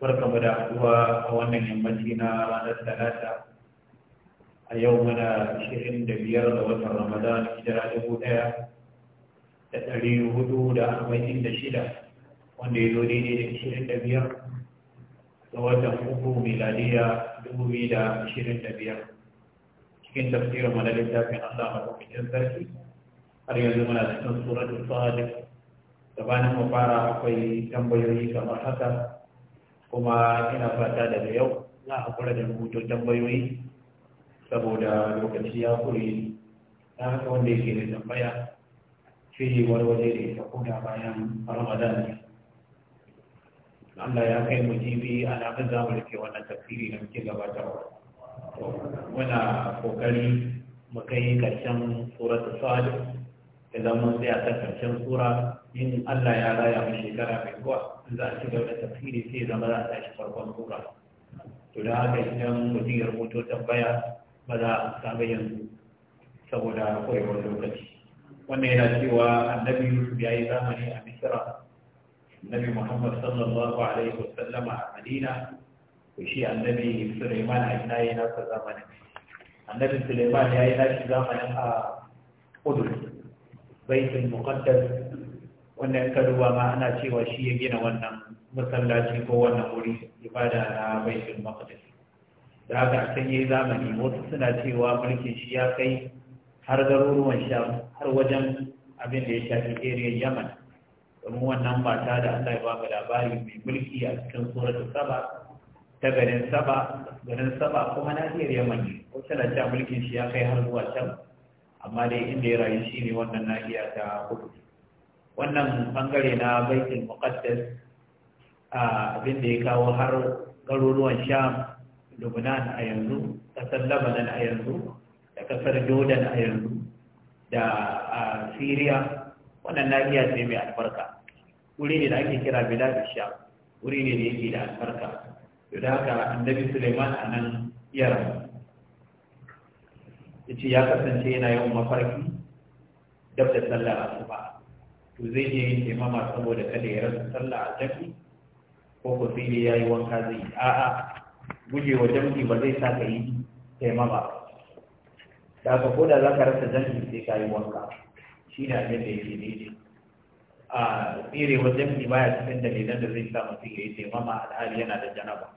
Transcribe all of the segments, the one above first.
barka da kuwa a wannan yammaci na ranar talata a yau muna shirin da biyar ga watan ramadan hijira dubu ɗaya da ɗari hudu da arba'in da shida wanda ya zo daidai da shirin da biyar watan uku miladiya dubu biyu da ashirin da biyar cikin tafsirin mana littafin allah maɗaukakin sarki har yanzu muna cikin tsoron sadiq gabanin mu fara akwai tambayoyi kamar haka kuma ina fata daga yau za a hakura da rubuto tambayoyi saboda lokaci ya kure na haka wanda yake da tambaya shi warware da ta koda bayan ramadan Allah ya kai mu jibi alamun zamu rike wannan tafsiri da muke gabatarwa muna kokari mu kai karshen suratul sad idan mun tsaya ta karshen sura in Allah ya raya mu shekara mai zuwa za a ci gaba da tafsiri sai zama za a tashi farkon sura to da haka idan mutum ya rubuto tambaya ba za a samu yanzu saboda koyewar lokaci wannan yana cewa annabi yusuf ya yi zamani a misira annabi muhammad sallallahu alaihi wasallama a madina to shi annabi suleiman a ina yi nasa zamanin annabi suleiman ya yi nashi zamanin a kudu baitul muqaddas wannan ya duba ma ana cewa shi ya gina wannan masallaci ko wannan wuri ibada na bai baitul maqdis da haka a can yayi zamani wasu suna cewa mulkin shi ya kai har garuruwan sham har wajen abin da ya shafi area yaman domin wannan mata da Allah ya ba mu labari mai mulki a cikin suratul saba ta garin saba garin saba kuma iya yaman ne ko tana cewa mulkin shi ya kai har zuwa can amma dai inda ya rayu shi ne wannan nahiya ta kudu wannan bangare na baitul muqaddas abin da ya kawo har garuruwan sham lubnan a yanzu kasar labanan a yanzu da kasar jordan a yanzu da a syria wannan nahiya ce mai albarka wuri ne da ake kira da sha, wuri ne da yake da albarka to da haka annabi suleiman a nan yara yace ya kasance yana yawan mafarki dab da sallar asuba to zai iya yin taimama saboda kada ya rasa sallah a jami ko ko sai ya yi wanka zai yi a'a gujewa jami ba zai sa ka yi taimama da ko koda za ka rasa jami sai ka yi wanka shi ne abin da yake daidai a wa jami baya cikin dalilan da zai sa mutum ya yi taimama alhali yana da janaba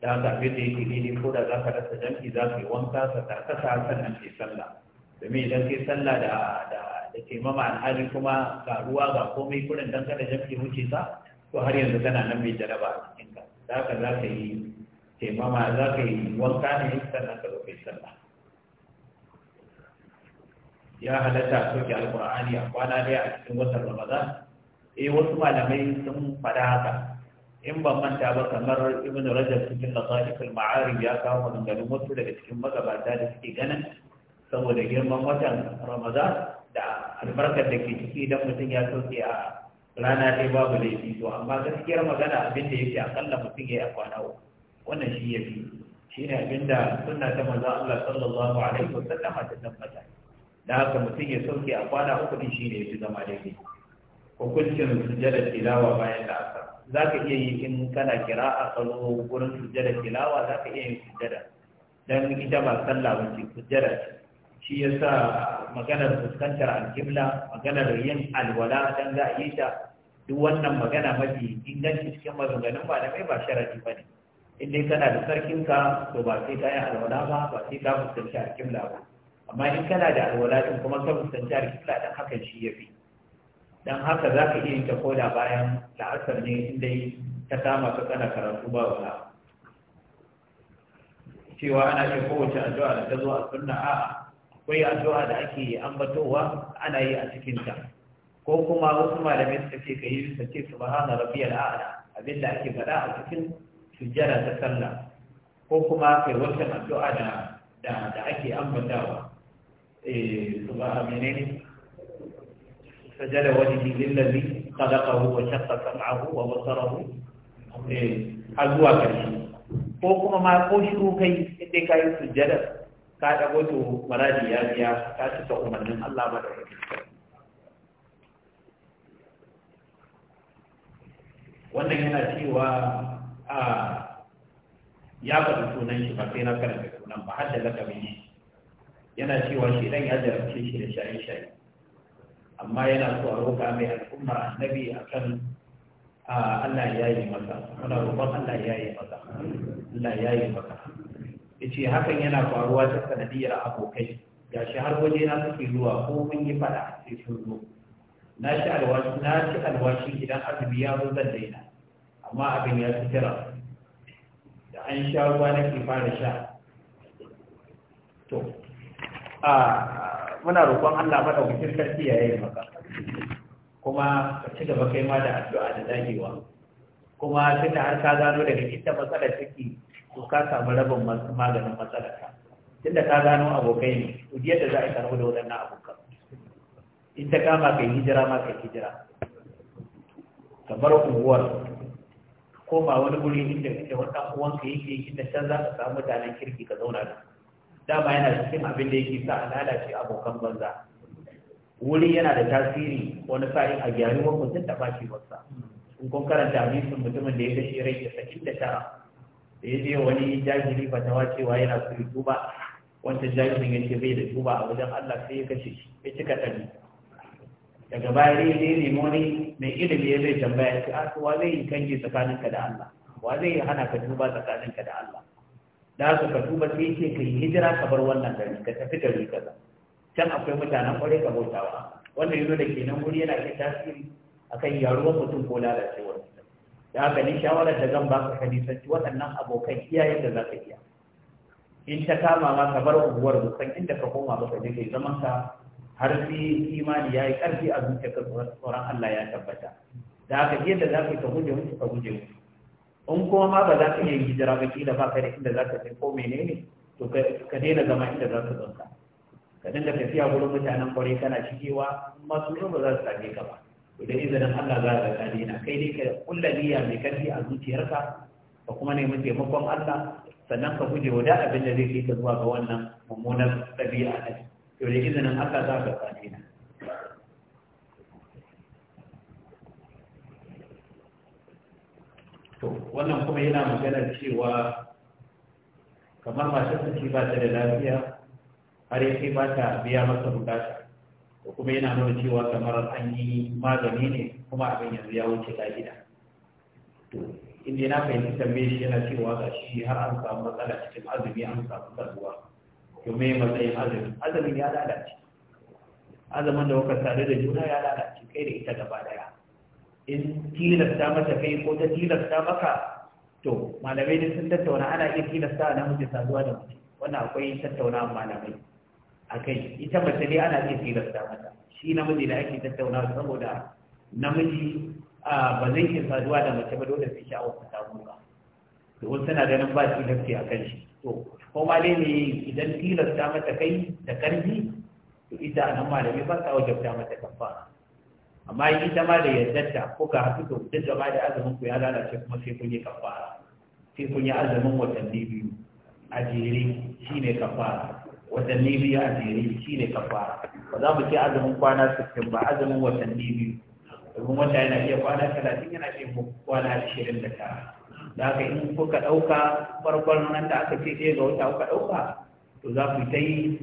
da ka abin da yake daidai ko da za ka rasa jami za ka yi wanka ka karkasa sannan sai sallah domin idan kai sallah da da taimama alhali kuma ga ruwa ga komai kurin dan kada jamfi muke sa to har yanzu tana nan mai jaraba a cikinka yi taimama za ka yi wanka ne sannan ka zo kai sallah ya halatta soke alkur'ani a kwana daya a cikin watan ramadan eh wasu malamai sun faɗa haka in ban manta ba kamar ibn rajab cikin lasaifin ma'arib ya kawo maganganun wasu daga cikin magabata da suke ganin saboda girman watan ramadan da albarkar da ke ciki don mutum ya sauke a rana dai babu laifi to amma gaskiyar magana abin da yake akalla mutum ya yi a kwana wannan shi ya fi shi ne abin da suna ta maza Allah sallallahu alaihi wa sallam ta mata da haka mutum ya sauke a kwana uku din shi ne ya fi zama daidai hukuncin sujjada tilawa bayan da asar za ka iya yi in kana kira a tsaro gurin sujjada tilawa za ka iya yin sujjada don ita ba sallah ba ce sujjada ce shi ya sa maganar fuskantar alkibla maganar yin alwala don za a yi ta duk wannan magana mafi inganci cikin da malamai ba sharadi ba ne inda ya kana da sarkinka to ba sai ka yi alwala ba ba sai ka fuskanci alkibla ba amma in kana da alwala din kuma ka fuskanci alkibla dan hakan shi ya fi don haka za ka iya yin ta koda bayan la'asar ne in ta kama ka kana karatu ba wala cewa ana ce kowace addu'a da ta zo a sunna a'a akwai addu'a da ake ambatowa ana yi a cikinta ko kuma wasu malamai suka ce ka yi su ce su bahana rabiyar abin abinda ake faɗa a cikin sujjara ta sallah ko kuma kai wancan addu'a da da ake ambatawa eh su ba menene sajada wajhi lillazi khalaqahu wa shaqqa sam'ahu wa basarahu eh har zuwa ƙarshe ko kuma ma ko shiru kai inda kai sujjada ka ɗago to maradi ya biya ka cika umarnin Allah ba da wani wannan yana cewa a ya faɗi sunan shi ba sai na karanta sunan ba har da lakabin shi yana cewa shi dan ya jarabce shi da shaye-shaye amma yana so a roƙa mai al'umma, annabi a kan Allah ya yi masa muna roƙon Allah ya yi masa Allah ya yi masa yace hakan yana faruwa ta sanadiyar abokai shi har waje na suke zuwa ko mun yi fada sai sun zo na ci alwashi na shi alwashi idan azumi ya zo zan daina amma abin ya fi tira da an sha ruwa nake fara sha to a muna roƙon Allah madaukakin sarki ya yi maka kuma ka ci gaba kai ma da addu'a da dagewa kuma tunda har ka gano daga ita matsalar take to ka samu rabin maganin matsalarka tunda ka gano abokai ne to yadda za a yi karɓi da waɗannan abokan in ta kama ka yi hijira ma ka hijira ka bar unguwar ba wani guri inda inda wata ɗan uwanka yake inda can za ka samu mutanen kirki ka zauna da dama yana cikin abin da yake sa a lalace abokan banza wuri yana da tasiri wani sa'in a gyaruwar mutum da shi wasa in kun karanta hadisin mutumin da ya kashe rai da sakin da tara da ya wani jahili wace cewa yana su ya ba wancan jahilin ya ce bai da ba a wajen Allah sai ya kashe shi ya cika ɗari daga baya dai dai nemo ne mai ilimi ya zai tambaya ce a ah, wa zai yi kange tsakaninka da Allah wa zai hana ka tuba tsakaninka da Allah da su ka tuba sai ce ka yi hijira ka bar wannan gari ka tafi gari kaza can akwai mutanen kwarai ka bautawa wannan yanzu da kenan wuri yana kai tasiri akan yaruwar mutum ko lalacewar da haka ni shawarar da zan baka ka nisanci waɗannan abokan iyayen da za ka iya in ta kama ma ka bar unguwar musan inda ka koma ba ka je kai zaman ka har sai imani ya yi ƙarfi a zuciyarka tsoron Allah ya tabbata da haka yadda za ka yi ka guje musu ka guje musu in kuma ma ba za ka iya hijira ba kila ba ka da inda za ka je ko menene to ka daina zama inda za ka zanka ka dinga tafiya gurin mutanen kwarai kana shigewa masu yin ba za su same ka ba da izinin Allah za ka gane na kai dai ka kulla niyya mai karfi a zuciyarka ka kuma nemi taimakon Allah sannan ka guje wa da da zai kai zuwa ga wannan mummunar ɗabi'a ɗin to da izinin Allah za ka gane na to wannan kuma yana maganar cewa kamar masu suke ba ta da lafiya har yake ba ta biya masa bukata ko kuma yana nuna cewa kamar an yi magani ne kuma abin yanzu ya wuce gida inda yana fahimci tambaye shi yana cewa ga shi har an samu matsala cikin azumi an samu karbuwa domin matsayin azumi azumin ya lalace azumin da kuka sadu da juna ya lalace kai da ita gaba daya in tilasta mata kai ko ta tilasta maka to malamai ne sun tattauna ana iya tilasta namiji saduwa da mutum wannan akwai tattauna malamai Akai, ita mace ne ana iya tilasta mata shi namiji da ake tattaunawa saboda namiji ba zai iya saduwa da mace ba dole sai sha'awar ta samu ba domin tana ganin ba tilasti a kan shi to ko ma dai ne idan tilasta mata kai da karfi to ita a nan malami ba ta wajabta mata kafa amma ita ma da ta, ko ka haɗu to duk gaba da azumin ku ya lalace kuma sai kun yi kafara sai kun yi azumin watanni biyu a jere shine kafara watanni biyu a jere shi ne kafa ba za mu ce azumin kwana sittin ba azumin watanni biyu domin wata yana iya kwana talatin yana iya kwana ashirin da tara da haka in kuka ɗauka farkon nan da aka ce ɗaya ga wata kuka ɗauka to za ku ta yi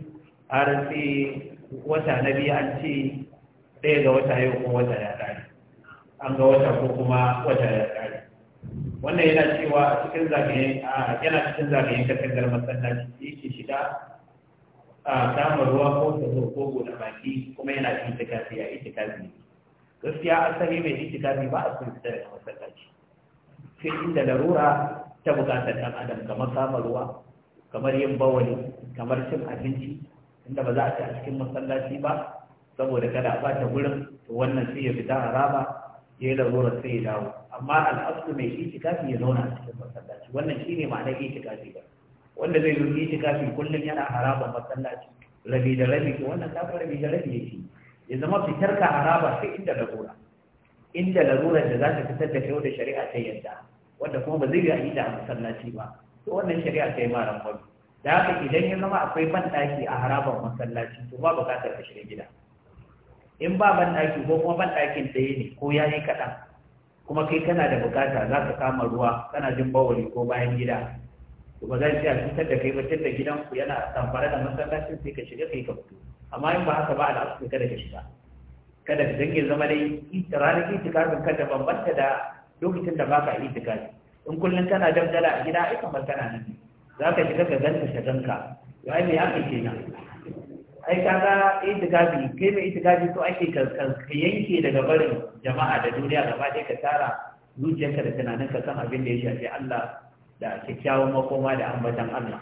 har sai wata na biyu an ce ɗaya ga wata yau kuma wata ya ƙare an ga wata ko kuma wata ya ƙare wannan yana cewa cikin zagaye yana cikin zagayen katangar masallaci ke shida. a kama ruwa ko zo ko da baki kuma yana itikafi ya itikafi ne gaskiya asali mai itikafi ba a sun fita daga masallaci sai inda larura ta bukatar ɗan adam kamar kama ruwa kamar yin bawali kamar cin abinci inda ba za a ci a cikin masallaci ba saboda kada a bata gurin wannan sai ya fita haraba ya yi larura sai ya dawo amma al'adu mai itikafi ya zauna a cikin masallaci wannan shine ma'anar itikafi ba wanda zai yi itikafi kullum yana haraba masallaci rabi da rabi to wannan kafin rabi da rabi yake ya zama fitar ka haraba sai inda larura inda larura da za ta fitar da kai da shari'a ta yadda wanda kuma ba zai yi aida a masallaci ba to wannan shari'a ta yi ma rangwami da haka idan ya zama akwai ban ɗaki a harabar masallaci to ba buƙatar ka shiga gida in ba ban ɗaki ko kuma ban ɗakin ɗaya ne ko ya yi kaɗan kuma kai kana da buƙata za ka kama ruwa kana jin bawali ko bayan gida to ba za shi a cutar da kai ba tun da gidanku yana samfara da masallacin sai ka shiga kai ka fito amma in ba haka ba al'asu kada ka shiga kada ka dange zama dai ranar kan kada bambanta da lokacin da baka itikafi in kullum kana dangala a gida ai kamar kana nan za ka shiga ka ganta shaganka ya ai me haka kenan ai kaga itikafi kai mai itikafi to ake ka yanke daga barin jama'a da duniya gaba ɗaya ka tara zuciyarka da tunaninka kan abin da ya shafi Allah da kyakkyawan makoma da ambatan Allah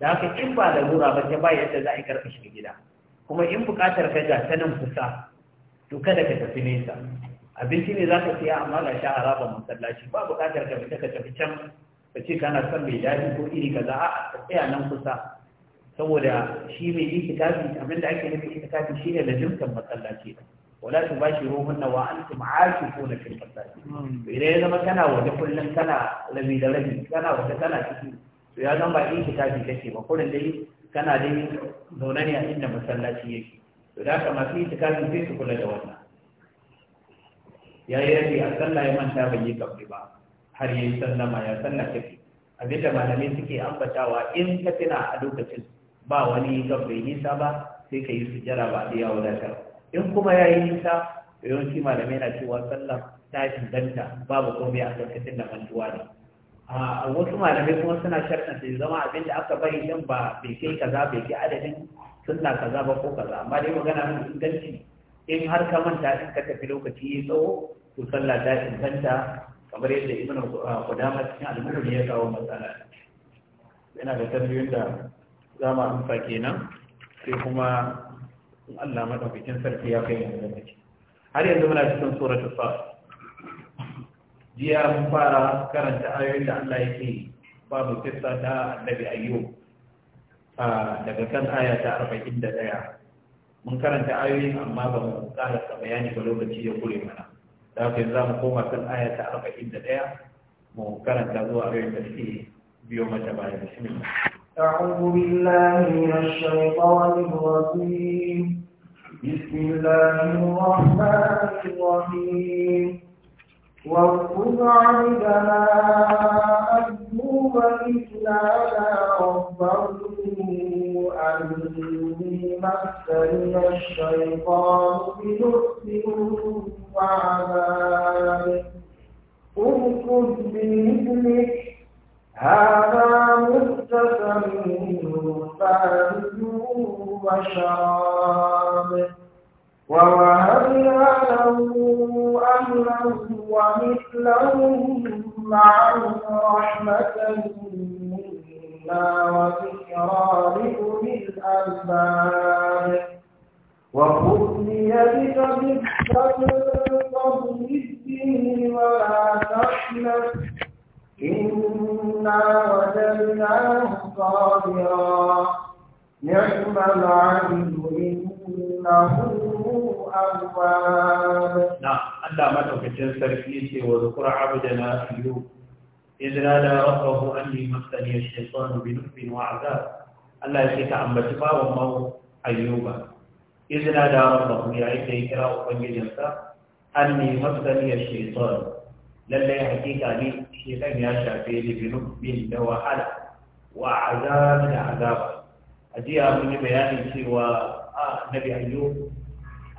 da haka in ba larura ba ta ba yadda za a yi karɓi shi gida kuma in buƙatar ka ga ta nan kusa to kada ka tafi nesa abinci ne za ka siya amma ga sha raba masallaci ba buƙatar ka fita ka tafi can ka ce kana son mai daɗi ko iri kaza a ka tsaya nan kusa saboda shi mai yi itikafi abinda ake nufi shi shine da jimkan masallaci ɗin wala tu bashi ruhunna wa a antum aakifuna fil masajid to idan ya zama kana waje kullum kana rabi da rabi kana waje kana ciki to ya zama ba in kitabi kake ba kullum dai kana dai nuna ne a inda masallaci yake to da haka masu ta itikafi sai su kula da wannan ya yi rabi a sallah ya manta ban yi kabri ba har yayi sallama ya sallah kake abinda malamai suke ambatawa in ka tuna a lokacin ba wani kabri nisa ba sai ka yi sujjara ba da ya wadatar in kuma ya yi nisa yawanci malamai na cewa sallah ta danta, babu komai a lokacin da tuwa ne a wasu malamai kuma suna sharɗa su zama abin da aka bari din ba bai kai kaza bai kai adadin sunna kaza ba ko kaza amma dai magana mun inganci in har ka manta in ka tafi lokaci ya tsawo to sallah ta inganta kamar yadda ibnu qudama cikin al-mughni ya kawo matsala yana da tambayoyin da za mu amsa kenan sai kuma in Allah madaukakin sarki ya kai mu da har yanzu muna cikin suratul fa jiya mun fara karanta ayoyin da Allah yake babu kissa ta annabi ayyub daga kan aya ta 41 mun karanta ayoyin amma ba mu karasa bayani ba lokaci ya kure mana da haka yanzu za mu koma kan aya ta 41 mu karanta zuwa ayoyin da suke biyo mata bayan bismillah أعوذ بالله من الشيطان الرجيم بسم الله الرحمن الرحيم واذكر عبدنا أيوب إذ نادى ربه أني مسني الشيطان بنصح وعذاب اركض بإذنك هذا مستسم فارجوا وشراب ووهبنا عبدنا أيوب إذ نادى ربه أني مسني الشيطان بنكب وعذاب الله يشيك عن بشفا ومو أيوبا إذ نادى ربه يا عيسي كراء فنجلسا أني مسني الشيطان لن يحكيك أني الشيطان يا شافيني بنكب وحلا وعذاب عذاب أجي من بياني سوى آه، نبي أيوب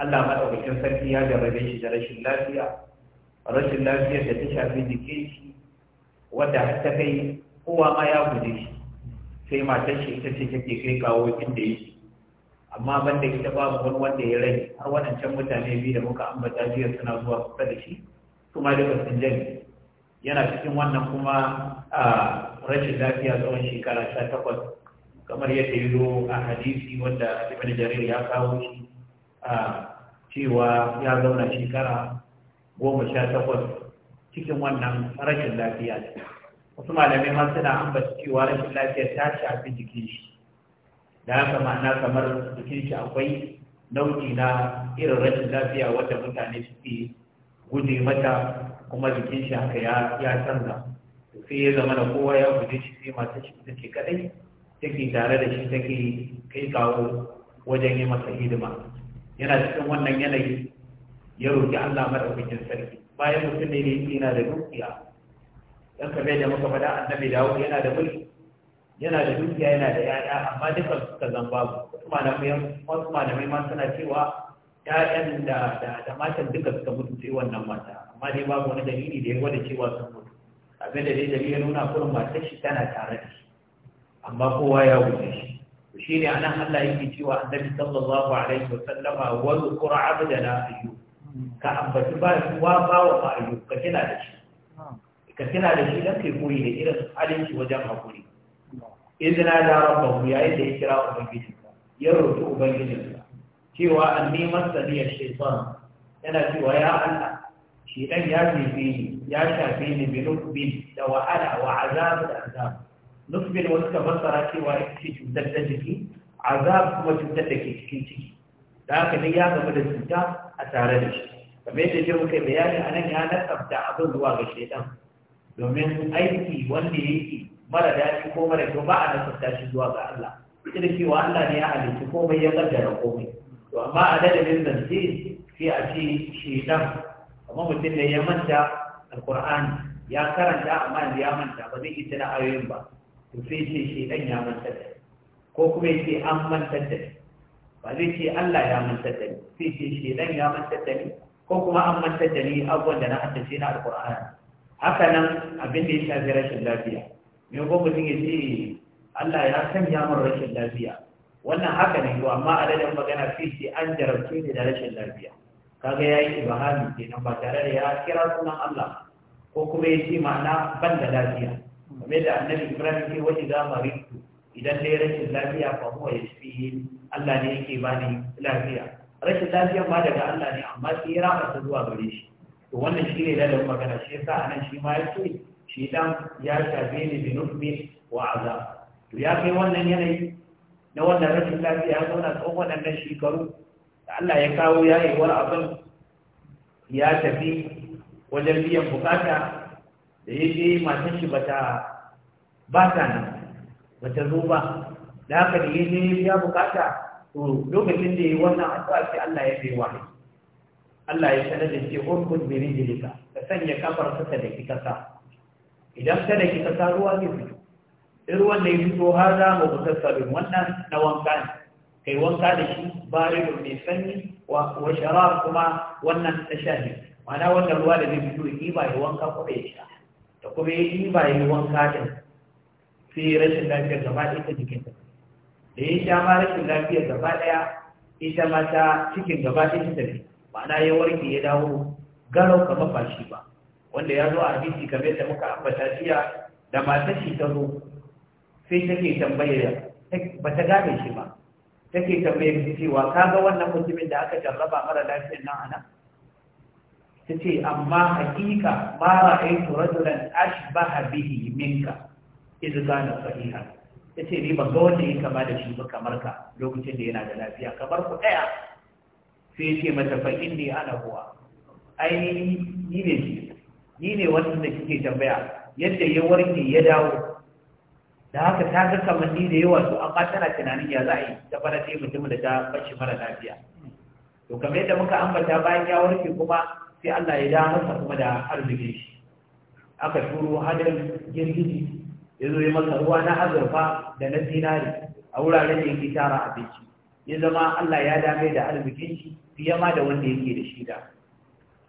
الله ما sarki ya يا shi da rashin rashin lafiyar da ta shafi jikin shi wadda ta kai kowa ma ya guje shi sai matar shi ita ce take kai kawo inda yake amma banda ita babu wani wanda ya rage har waɗancan mutane biyu da muka ambata jiya suna zuwa kusa da shi kuma duka sun jami yana cikin wannan kuma a rashin lafiya tsawon shekara sha takwas kamar yadda ya zo a hadisi wanda ibn jarir ya kawo shi a cewa ya zauna shekara goma sha takwas cikin wannan rashin lafiya wasu malamai ma suna ambata cewa rashin lafiya ta shafi jikin shi da haka ma'ana kamar jikin shi akwai nau'i na irin rashin lafiya wanda mutane suke guje mata kuma jikin shi haka ya canza sai ya zama na kowa ya guje shi sai masu shi ita kadai take tare da shi take kai kawo wajen yi masa hidima yana cikin wannan yanayi ya roƙi Allah bikin sarki bayan mutum ne ne yana da dukiya Ɗan kabe da muka faɗa annabi dawo yana da mulki yana da dukiya yana da yaya amma duka suka zan babu wasu malamai wasu malamai ma suna cewa ƴaƴan da da matan duka suka mutu sai wannan mata amma dai babu wani dalili da ya gwada cewa sun mutu abin da dai dalili ya nuna kurin matar shi tana tare da shi amma kowa ya wuce shi shi ne nan Allah yake cewa annabi sallallahu alaihi sallama wa zukura abdana ayyub ka ambaci ba wa ba wa ka kina da shi ka kina da shi dan kai koyi da irin alinki wajen hakuri izina da rabbahu yayin da ya kira ubangijinsa ya roƙi ubangiji cewa an neman saniyar shaitan yana cewa ya Allah shi dan ya fifi ni ya shafe ni bi nukbin da wa'ala wa azab da azab nukbin wasu ka fassara cewa ita ce cutar da jiki azab kuma cutar da ke cikin ciki da haka ne ya gaba da cuta a tare da shi kamar yadda ke muka bayani a nan ya nasabta abin zuwa ga shaidan domin aiki wanda yi mara daɗi ko mara kyau ba a nasabta shi zuwa ga Allah ita da cewa Allah ne ya halitta komai ya kaddara komai to amma a da zance sai a ce shaidan amma mutum ne ya manta alkur'ani ya karanta amma ya manta ba zai ita na ayoyin ba to sai ce shaidan ya manta da ko kuma ya ce an manta da shi ba zai ce Allah ya mantar da ni sai ce shedan ya mantar da ni ko kuma an mantar da ni abubuwan da na haddace na alkur'ani haka nan abin da ya shafi rashin lafiya me ko mutum ya ce Allah ya ya min rashin lafiya wannan haka ne amma adadin magana sai ce an jarabce ni da rashin lafiya kaga yayi ibahami kenan ba tare da ya kira sunan Allah ko kuma ya ce ma'ana ban da lafiya game da annabi Ibrahim ce wani zamaritu idan dai rashin lafiya fa huwa yashfihi Allah ne yake bani lafiya rashin lafiya ma daga Allah ne amma sai ya rama zuwa gare shi to wannan shi ne magana shi yasa anan shi ma ya shi dan ya shafe ni bi nufbi wa azab to ya kai wannan yanayi na wannan rashin lafiya ya zauna tsawon waɗannan shekaru da Allah ya kawo ya yi wani abin ya tafi wajen biyan bukata da ya je matan shi bata ba ta bata zo ba da aka da yi ne ya bukata to lokacin da ya yi wannan addu'a Allah ya fi wani Allah ya sanar da ce urkud bi rijlika ka sanya kafar ka da ki sa idan ka da ki kasa ruwa zai fito ruwan da ya fito har za mu sabin wannan na wanka ne kai wanka da shi ba baridun mai sanyi wa sharar kuma wannan na sha ne ma'ana wannan ruwa da zai fito yi ba ya wanka kuma ya sha da kuma ya yi ba ya wanka din sai rashin lafiyar gaba ɗaya ta jikin ta da ya sha ma rashin lafiyar gaba ɗaya ita ma ta cikin gaba ɗin ta ne ma'ana ya warke ya dawo garo kamar ba shi ba wanda ya zo a hadisi kamar yadda muka ambata jiya da matar shi ta zo sai take tambayar ba ta gane shi ba take tambayar da cewa ka ga wannan mutumin da aka jarraba mara lafiyar nan ana ta ce amma hakika mara ra'aytu rajulan ashbaha bihi minka idh kana fahimta. ya ce ni ban ga wanda ya kama da shi ba kamar ka lokacin da yana da lafiya kamar ku ɗaya sai ya ce mata fa inni ana huwa ai ni ne shi ni kike tambaya yadda ya warke ya dawo da haka ta ga ni da yawa su amma tana tunanin ya za a yi ta fara ce mutum da ta bashi mara lafiya to kamar yadda muka ambata bayan ya warke kuma sai Allah ya dawo masa kuma da arzikin shi aka turo hadarin girgiji ya zo ya masa ruwa na azurfa da na zinari a wuraren da yake tara abinci ya zama Allah ya dame da arzikin shi fiye ma da wanda yake da shi da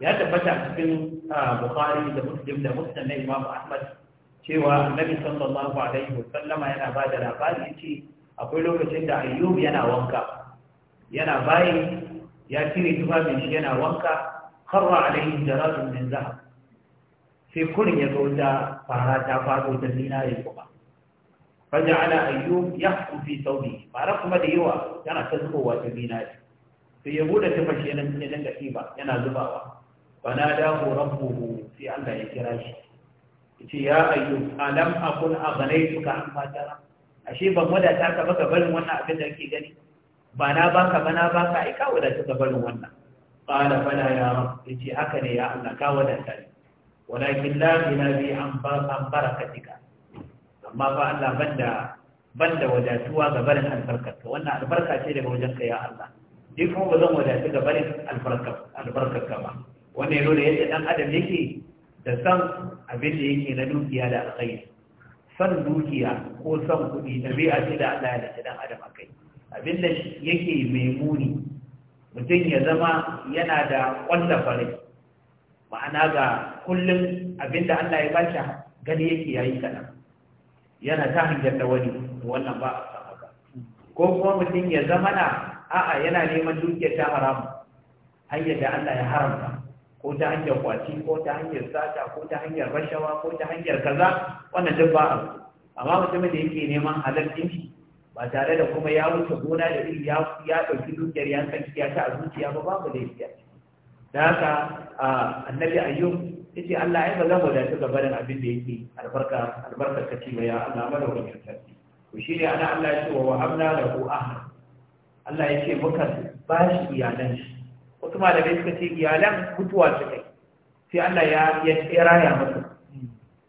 ya tabbata cikin Bukhari da Muslim da Muslim na Imam Ahmad cewa Annabi sallallahu alaihi wa sallama yana ba da labari yace akwai lokacin da Ayyub yana wanka yana bayi ya cire tufafin shi yana wanka kharra alaihi jaradun min zahab sai kurin ya zo ta fara ta fado ya zinare kuma faja ala ayyu ya fi sauri fara kuma da yawa yana ta zubowa ta zinare sai ya bude ta fashe nan cikin dinga ba yana zubawa bana dahu rabbuhu sai Allah ya kira shi yace ya ayyu alam akun aghnaytuka an fatara ashe ban wadata ka baka barin wannan abin da kake gani ba na baka ba na baka ai ka wadata ka barin wannan qala fala ya rab yace haka ne ya Allah ka wadata ni walakin la ilahi an barakatika amma ba Allah banda banda wadatuwa ga barin albarkarka wannan albarka ce daga wajen ka ya Allah Duk kuma ba zan wadatu ga barin albarkarka ba wannan ya nuna yadda dan adam yake da san abin da yake na dukiya da alkhairi san dukiya ko san kuɗi ɗabi'a ce da Allah ya dace dan adam akai abin da yake mai muni mutum ya zama yana da ƙwallafa rai ma'ana ga kullum abinda Allah ya bashi gani yake yayi kana yana ta hanyar da wani wannan ba a san haka ko kuma mutum ya zama na a'a yana neman dukiyar ta haramu hanyar da Allah ya haramta ko ta hanyar kwaci ko ta hanyar sata ko ta hanyar rashawa ko ta hanyar kaza wannan duk ba a amma mutumin da yake neman halal din ba tare da kuma ya wuce gona da iri ya ɗauki dukiyar ya san ya ta a zuciya ba babu da da haka annabi ayyub ce Allah ya zama da su gaba da abin da yake albarka albarka kace ba ya Allah madaukakin sarki to ne ana Allah ya ce wa wahabna ku ahla Allah ya ce muka ba shi iyalan shi wasu malamai suka ce iyalan mutuwa su kai sai Allah ya ya tsira ya masa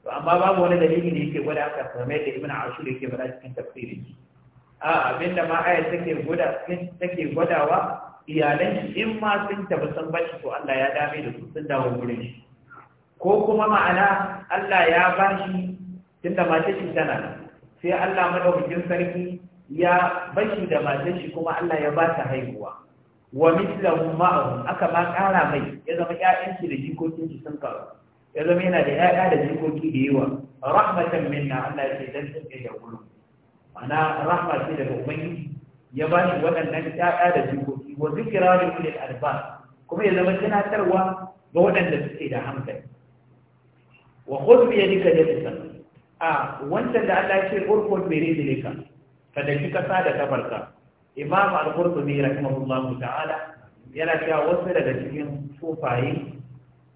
to amma babu wani dalili da yake gwada aka kamar da Ibn Ashur yake bada cikin tafsirin shi a abinda ma ayat take gwada take gwadawa iyalan shi in ma sun tafi sun bashi to Allah ya dame da su sun dawo gurin shi ko kuma ma'ana Allah ya bashi tunda mace shi tana sai Allah madaukakin sarki ya bashi da mace shi kuma Allah ya ba ta haihuwa wa mislahu ma'ahu aka ba ƙara mai ya zama ƴaƴan shi da jikokin shi sun karu ya zama yana da ƴaƴa da jikoki da yawa rahmatan minna Allah ya ce dan sun da gurin ma'ana rahma ce daga ubangiji ya ba shi waɗannan ƴaƴa da jikoki wa zikira da ulil alba kuma ya zama tunatarwa ga waɗanda suke da hankali wa khudh bi yadika yadika a wancan da Allah ya ce urkun bi rijlika ka da kika sa da imam al-qurtubi rahimahullahu ta'ala yana cewa wasu daga cikin sufaye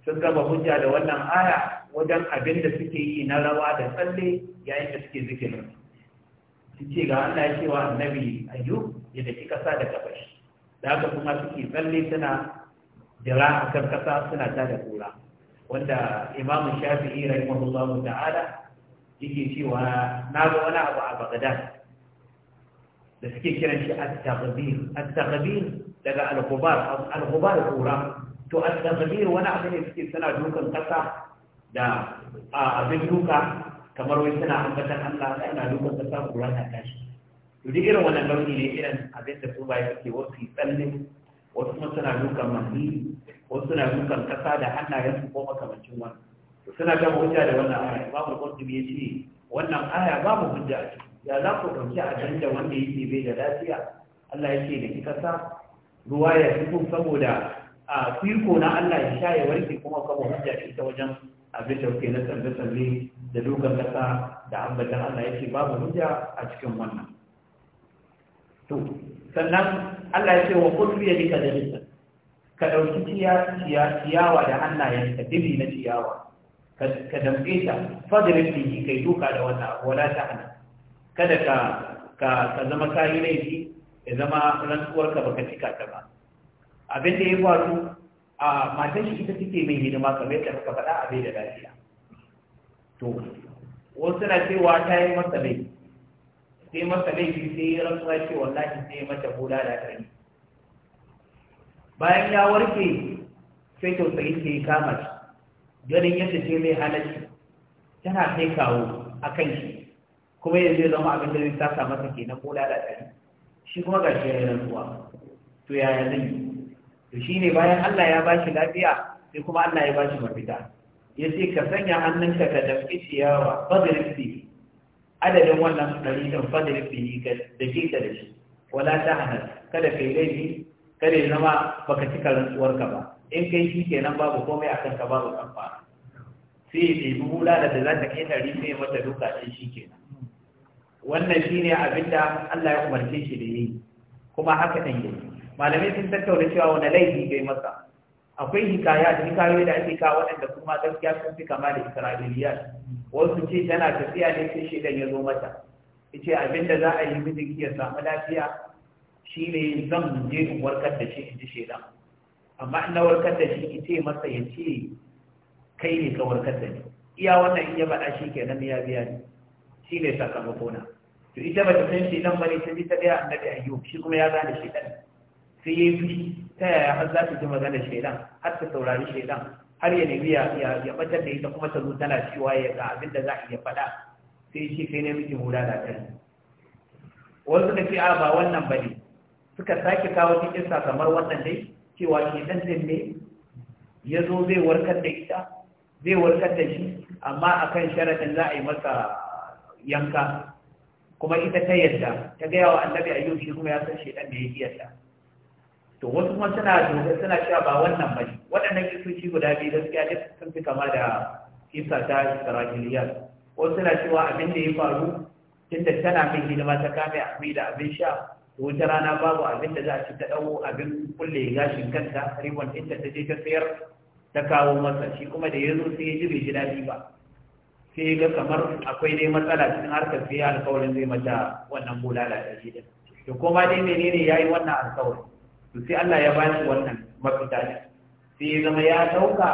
sun gaba hujja da wannan aya wajen abin da suke yi na rawa da tsalle yayin da suke zikirin suke ga Allah cewa ce annabi ayyub ya daki kasa da kafashi da haka kuma suke tsalle suna jira a kan kasa suna ta da kura wanda imamu shafi'i rahimahullahu ta'ala yake cewa na ga wani abu a bagadan da suke kiran shi at-taghbir at-taghbir daga al-ghubar al-ghubar kura to at-taghbir wani abu ne suke suna dukan kasa da abin duka kamar wani suna ambatan Allah sai na dukan da sa kura ta tashi to duk irin wannan nau'i ne irin abin da su bai yake wasu tsalle wasu kuma suna dukan mahi wasu suna dukan kasa da hannayen su ko makamancin wannan to suna ga hujja da wannan aya babu qurtubi yace wannan aya babu hujja a ciki ya za ku dauki ajanda wanda yake bai da lafiya Allah yake da kika sa ruwa ya fito saboda a fiko na Allah ya sha ya warke kuma kuma hujja ita wajen abin da yake na tsalle-tsalle da dukan kasa da ambatan Allah yake babu hujja a cikin wannan to sannan Allah ya ce wa ya bika da lisan ka ɗauki ciyawa da hannayen ka dibi na ciyawa ka damke ta fadrin bihi kai duka da wannan wala ta hana kada ka zama kayi laifi ya zama rantsuwarka baka cika ta ba abin da ya faru a matan shi ita take mai hidima kamar yadda ka faɗa a bai da lafiya to wasu na cewa ta yi masa laifi sai masa laifi sai ya rantsuwa ce wallahi sai mata bola da ɗari bayan ya warke sai tausayi sai ya kama shi ganin yadda ce mai halarci tana kai kawo a kan shi kuma yanzu ya zama abin da zai sasa masa ke na bola da ɗari shi kuma ga shi ya yi rantsuwa to yaya zai yi to shi ne bayan allah ya ba shi lafiya sai kuma allah ya ba shi mafita ya ce ka sanya hannunka ka dafi ciyawa fadar fi adadin wannan ɗari ɗin fadar fi ka dafi da shi wala ta hana kada kai laifi kada ya zama baka cika ka ba in kai shi kenan babu komai akan ka babu kamfa sai ya ɗebi hula da za ta kai ɗari sai mata duka ɗin shi kenan wannan shine abin da Allah ya umarce shi da yi kuma haka ɗin yi malamai sun tattauna cewa wani laifi kai masa akwai hikaya hikayoyi da ake kawo waɗanda kuma gaskiya sun fi kama da isra'iliya wasu ce tana tafiya ne sai shi ya zo mata ce abinda za a yi mijinki ya samu lafiya shine zan je in warkar da shi in ji shedan amma ina warkar da shi ki ce masa ya ce kai ne ka warkar da ni iya wannan in ya faɗa shi kenan ya biya ni shi ne sakamakona to ita ba ta san shedan ba ne ta ji ta ɗaya annabi ayyub shi kuma ya gane shedan sai ya fi ta yaya har za ta ji magana shaidan har ta saurari shaidan har ya nemi ya ɓatar da ita kuma ta zo tana cewa ya ga abin da za a iya faɗa sai shi kai ne miki hura da kai wasu da a ba wannan ba ne suka sake kawo cikin kamar wannan dai cewa shi ɗan ɗin ne ya zo zai warkar da ita zai warkar da shi amma akan sharaɗin za a yi masa yanka kuma ita ta yadda ta gaya wa annabi ayyuki shi kuma ya san shaidan da ya iya ta to wasu kuma suna doga suna cewa ba wannan bane waɗannan kisoci guda biyu gaskiya duk sun fi kama da kisa ta isra'iliya wasu suna cewa abin da ya faru tunda tana min hidima ta kame abin da abin sha wata rana babu abin da za a ci ta ɗau abin kulle gashin kanta ribon inda ta je ta sayar ta kawo masa shi kuma da ya zo sai ya ji bai ji daɗi ba sai ga kamar akwai dai matsala cikin harkar sai alkawarin zai mata wannan bulala da shi din to kuma dai menene yayi wannan alkawarin to sai Allah ya bani wannan mafita ne sai ya zama ya dauka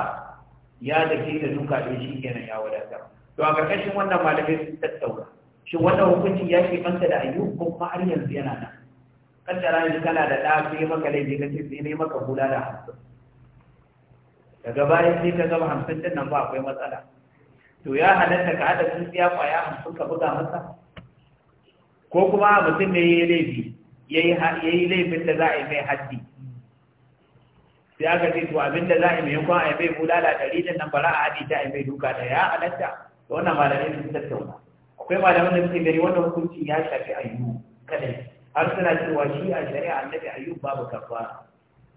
ya dake da duka din shi kenan ya wadata to a karkashin wannan malamai sun tattauna shin wannan hukuncin ya ke kanta da ayyu ko kuma har yanzu yana nan kaddara yanzu kana da ɗa sai maka laifi kace sai ne maka hula da hamsin daga bayan sai ka zama hamsin din nan ba akwai matsala to ya halatta ka haɗa tsintsiya kwaya hamsin ka buga masa ko kuma mutum ne ya yi laifi yayi laifin da za a yi mai haddi sai aka ce to abin da za a yi mai yankon a yi mai bulala ɗari nan bara a haɗi ta a yi mai duka da ya alatta da wannan malamai sun tattauna akwai malamai da suke gari wannan hukuncin ya shafi ayyu kadai har suna cewa shi a shari'a annabi ayyu babu kafara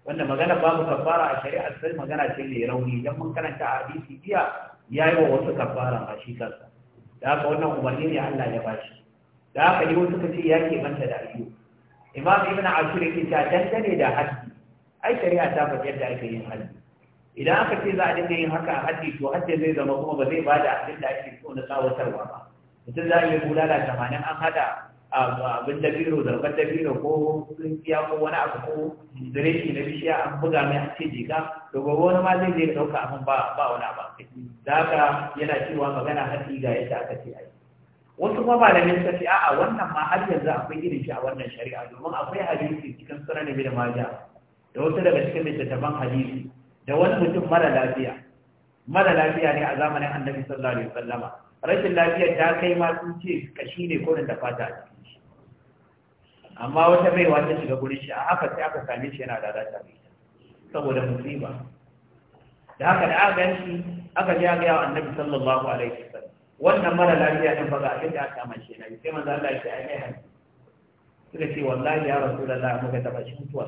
wanda magana babu kafara a shari'a sai magana ce mai rauni idan mun karanta a hadisi biya ya yi wa wasu kafara a shi kansa da haka wannan umarni ne Allah ya bashi da haka yi wasu kace ya ke manta da ayyu imam ibn ashur yake ta dangane da haddi ai shari'a ta fa yadda ake yin haddi idan aka ce za a dinga yin haka a haddi to haddi zai zama kuma ba zai bada abin da ake so na tsawatarwa ba mutum za a yi bulala tamanin an hada abin da biro zarfar da biro ko tsinkiya ko wani abu ko direshi na bishiya an buga mai a ce jika to gobe wani ma zai zai ɗauka abin ba wani abu da haka yana cewa magana haddi ga yadda aka ce ai wasu kuma malamai suka ce a'a wannan ma har yanzu akwai irin shi a wannan shari'a domin akwai hadisi cikin sunan ibn maja da wasu daga cikin littattafan hadisi da wani mutum mara lafiya mara lafiya ne a zamanin annabi sallallahu alaihi wasallam rashin lafiyar ta kai ma sun ce kashi ne ko da fata a cikin shi amma wata baiwa ta shiga gurin shi a haka sai aka same shi yana lalata mai saboda musiba da haka da aka gan shi aka ji ga yawa annabi sallallahu alaihi wasallam wannan mara lafiya ɗin ba ga abin da aka mace na sai manzo Allah ya ce ai mai hannu suka ce wallahi ya rasulullah muka taba shi mutuwa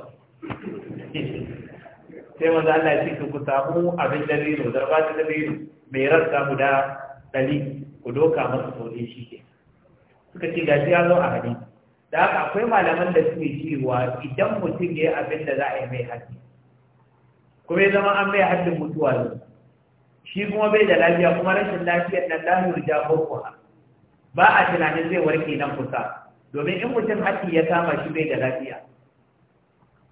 sai manzo Allah ya ce ku ku samu abin da zai zo zarba da zai mai rassa guda ɗari ku doka masa saurin shi ke suka ce gashi ya zo a hadisi da haka akwai malaman da suke cewa idan mutum ya yi abin da za a yi mai haddi kuma ya zama an mai haddin mutuwa ne shi kuma bai da lafiya kuma rashin lafiyar nan la yurja ba a tunanin zai warke nan kusa domin in mutum haki ya kama shi bai da lafiya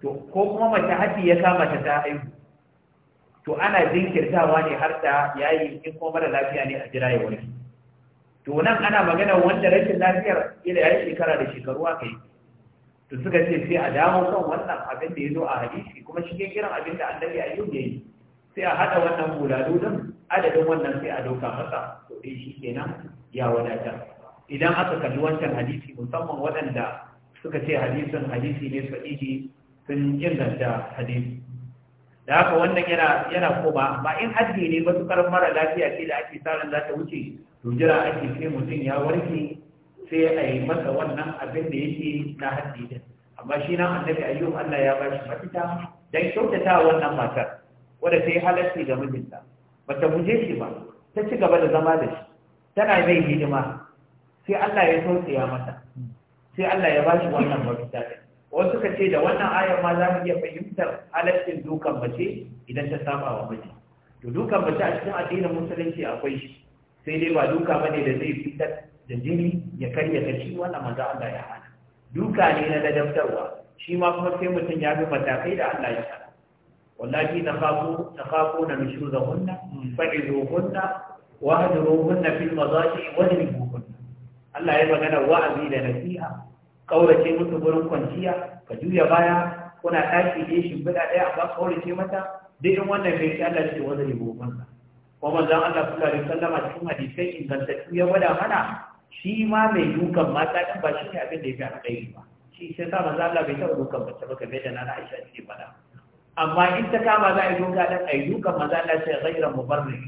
to ko kuma mace haki ya kama ta ta haihu to ana jinkirtawa ne har ta yayi in kuma mara lafiya ne a jira ya warke to nan ana magana wanda rashin lafiyar ila ya shekara da shekaru aka yi to suka ce sai a dawo kan wannan abin da ya zo a hadisi kuma shi ke kiran abin da annabi ayyub ya yi sai a haɗa wannan hula din adadin wannan sai a doka masa to dai shi kenan ya wadata idan aka kalli wancan hadisi musamman waɗanda suka ce hadisin hadisi ne sahihi sun inganta hadisi da haka wannan yana yana koma ba in haddi ne ba tukar mara lafiya ce da ake tsarin za ta wuce to jira ake sai mutum ya warke sai a yi masa wannan abin da yake na haddi din amma shi nan annabi ayyuhu Allah ya ba shi mafita dan kyautata wannan matar wadda ta yi halarci ga mijinta ba ta guje shi ba ta ci gaba da zama da shi tana mai hidima sai Allah ya tausaya mata sai Allah ya bashi wannan mafita ne wasu suka ce da wannan ayar ma za mu iya fahimtar halarcin dukan mace idan ta saba wa miji to dukan mace a cikin addinin musulunci akwai shi sai dai ba duka bane da zai fitar da jini ya karya ta shi wannan maza Allah ya hana duka ne na ladabtarwa shi ma kuma sai mutum ya bi matakai da Allah ya hana wallahi takhafu takhafuna nushuzahunna fa'izuhunna wa hajruhunna fil mazaji wa dribuhunna Allah ya magana wa'azi da nasiha kaurace musu gurin kwanciya ka juya baya kuna ɗaki ne shimfiɗa ɗaya amma kaurace mata duk in wannan bai ci Allah ce wa dribuhunna kuma manzon Allah sallallahu alaihi wasallam cikin hadisai ingantattu ya gwada mana shi ma mai dukan mata ɗin ba shi ne abin da ya fi alƙairi ba shi sai sa manzon Allah bai taɓa dukan mace ba kamar da nana Aisha take faɗa amma in ta kama za a yi duka ɗan a yi duka maza na ce gairan mubarrik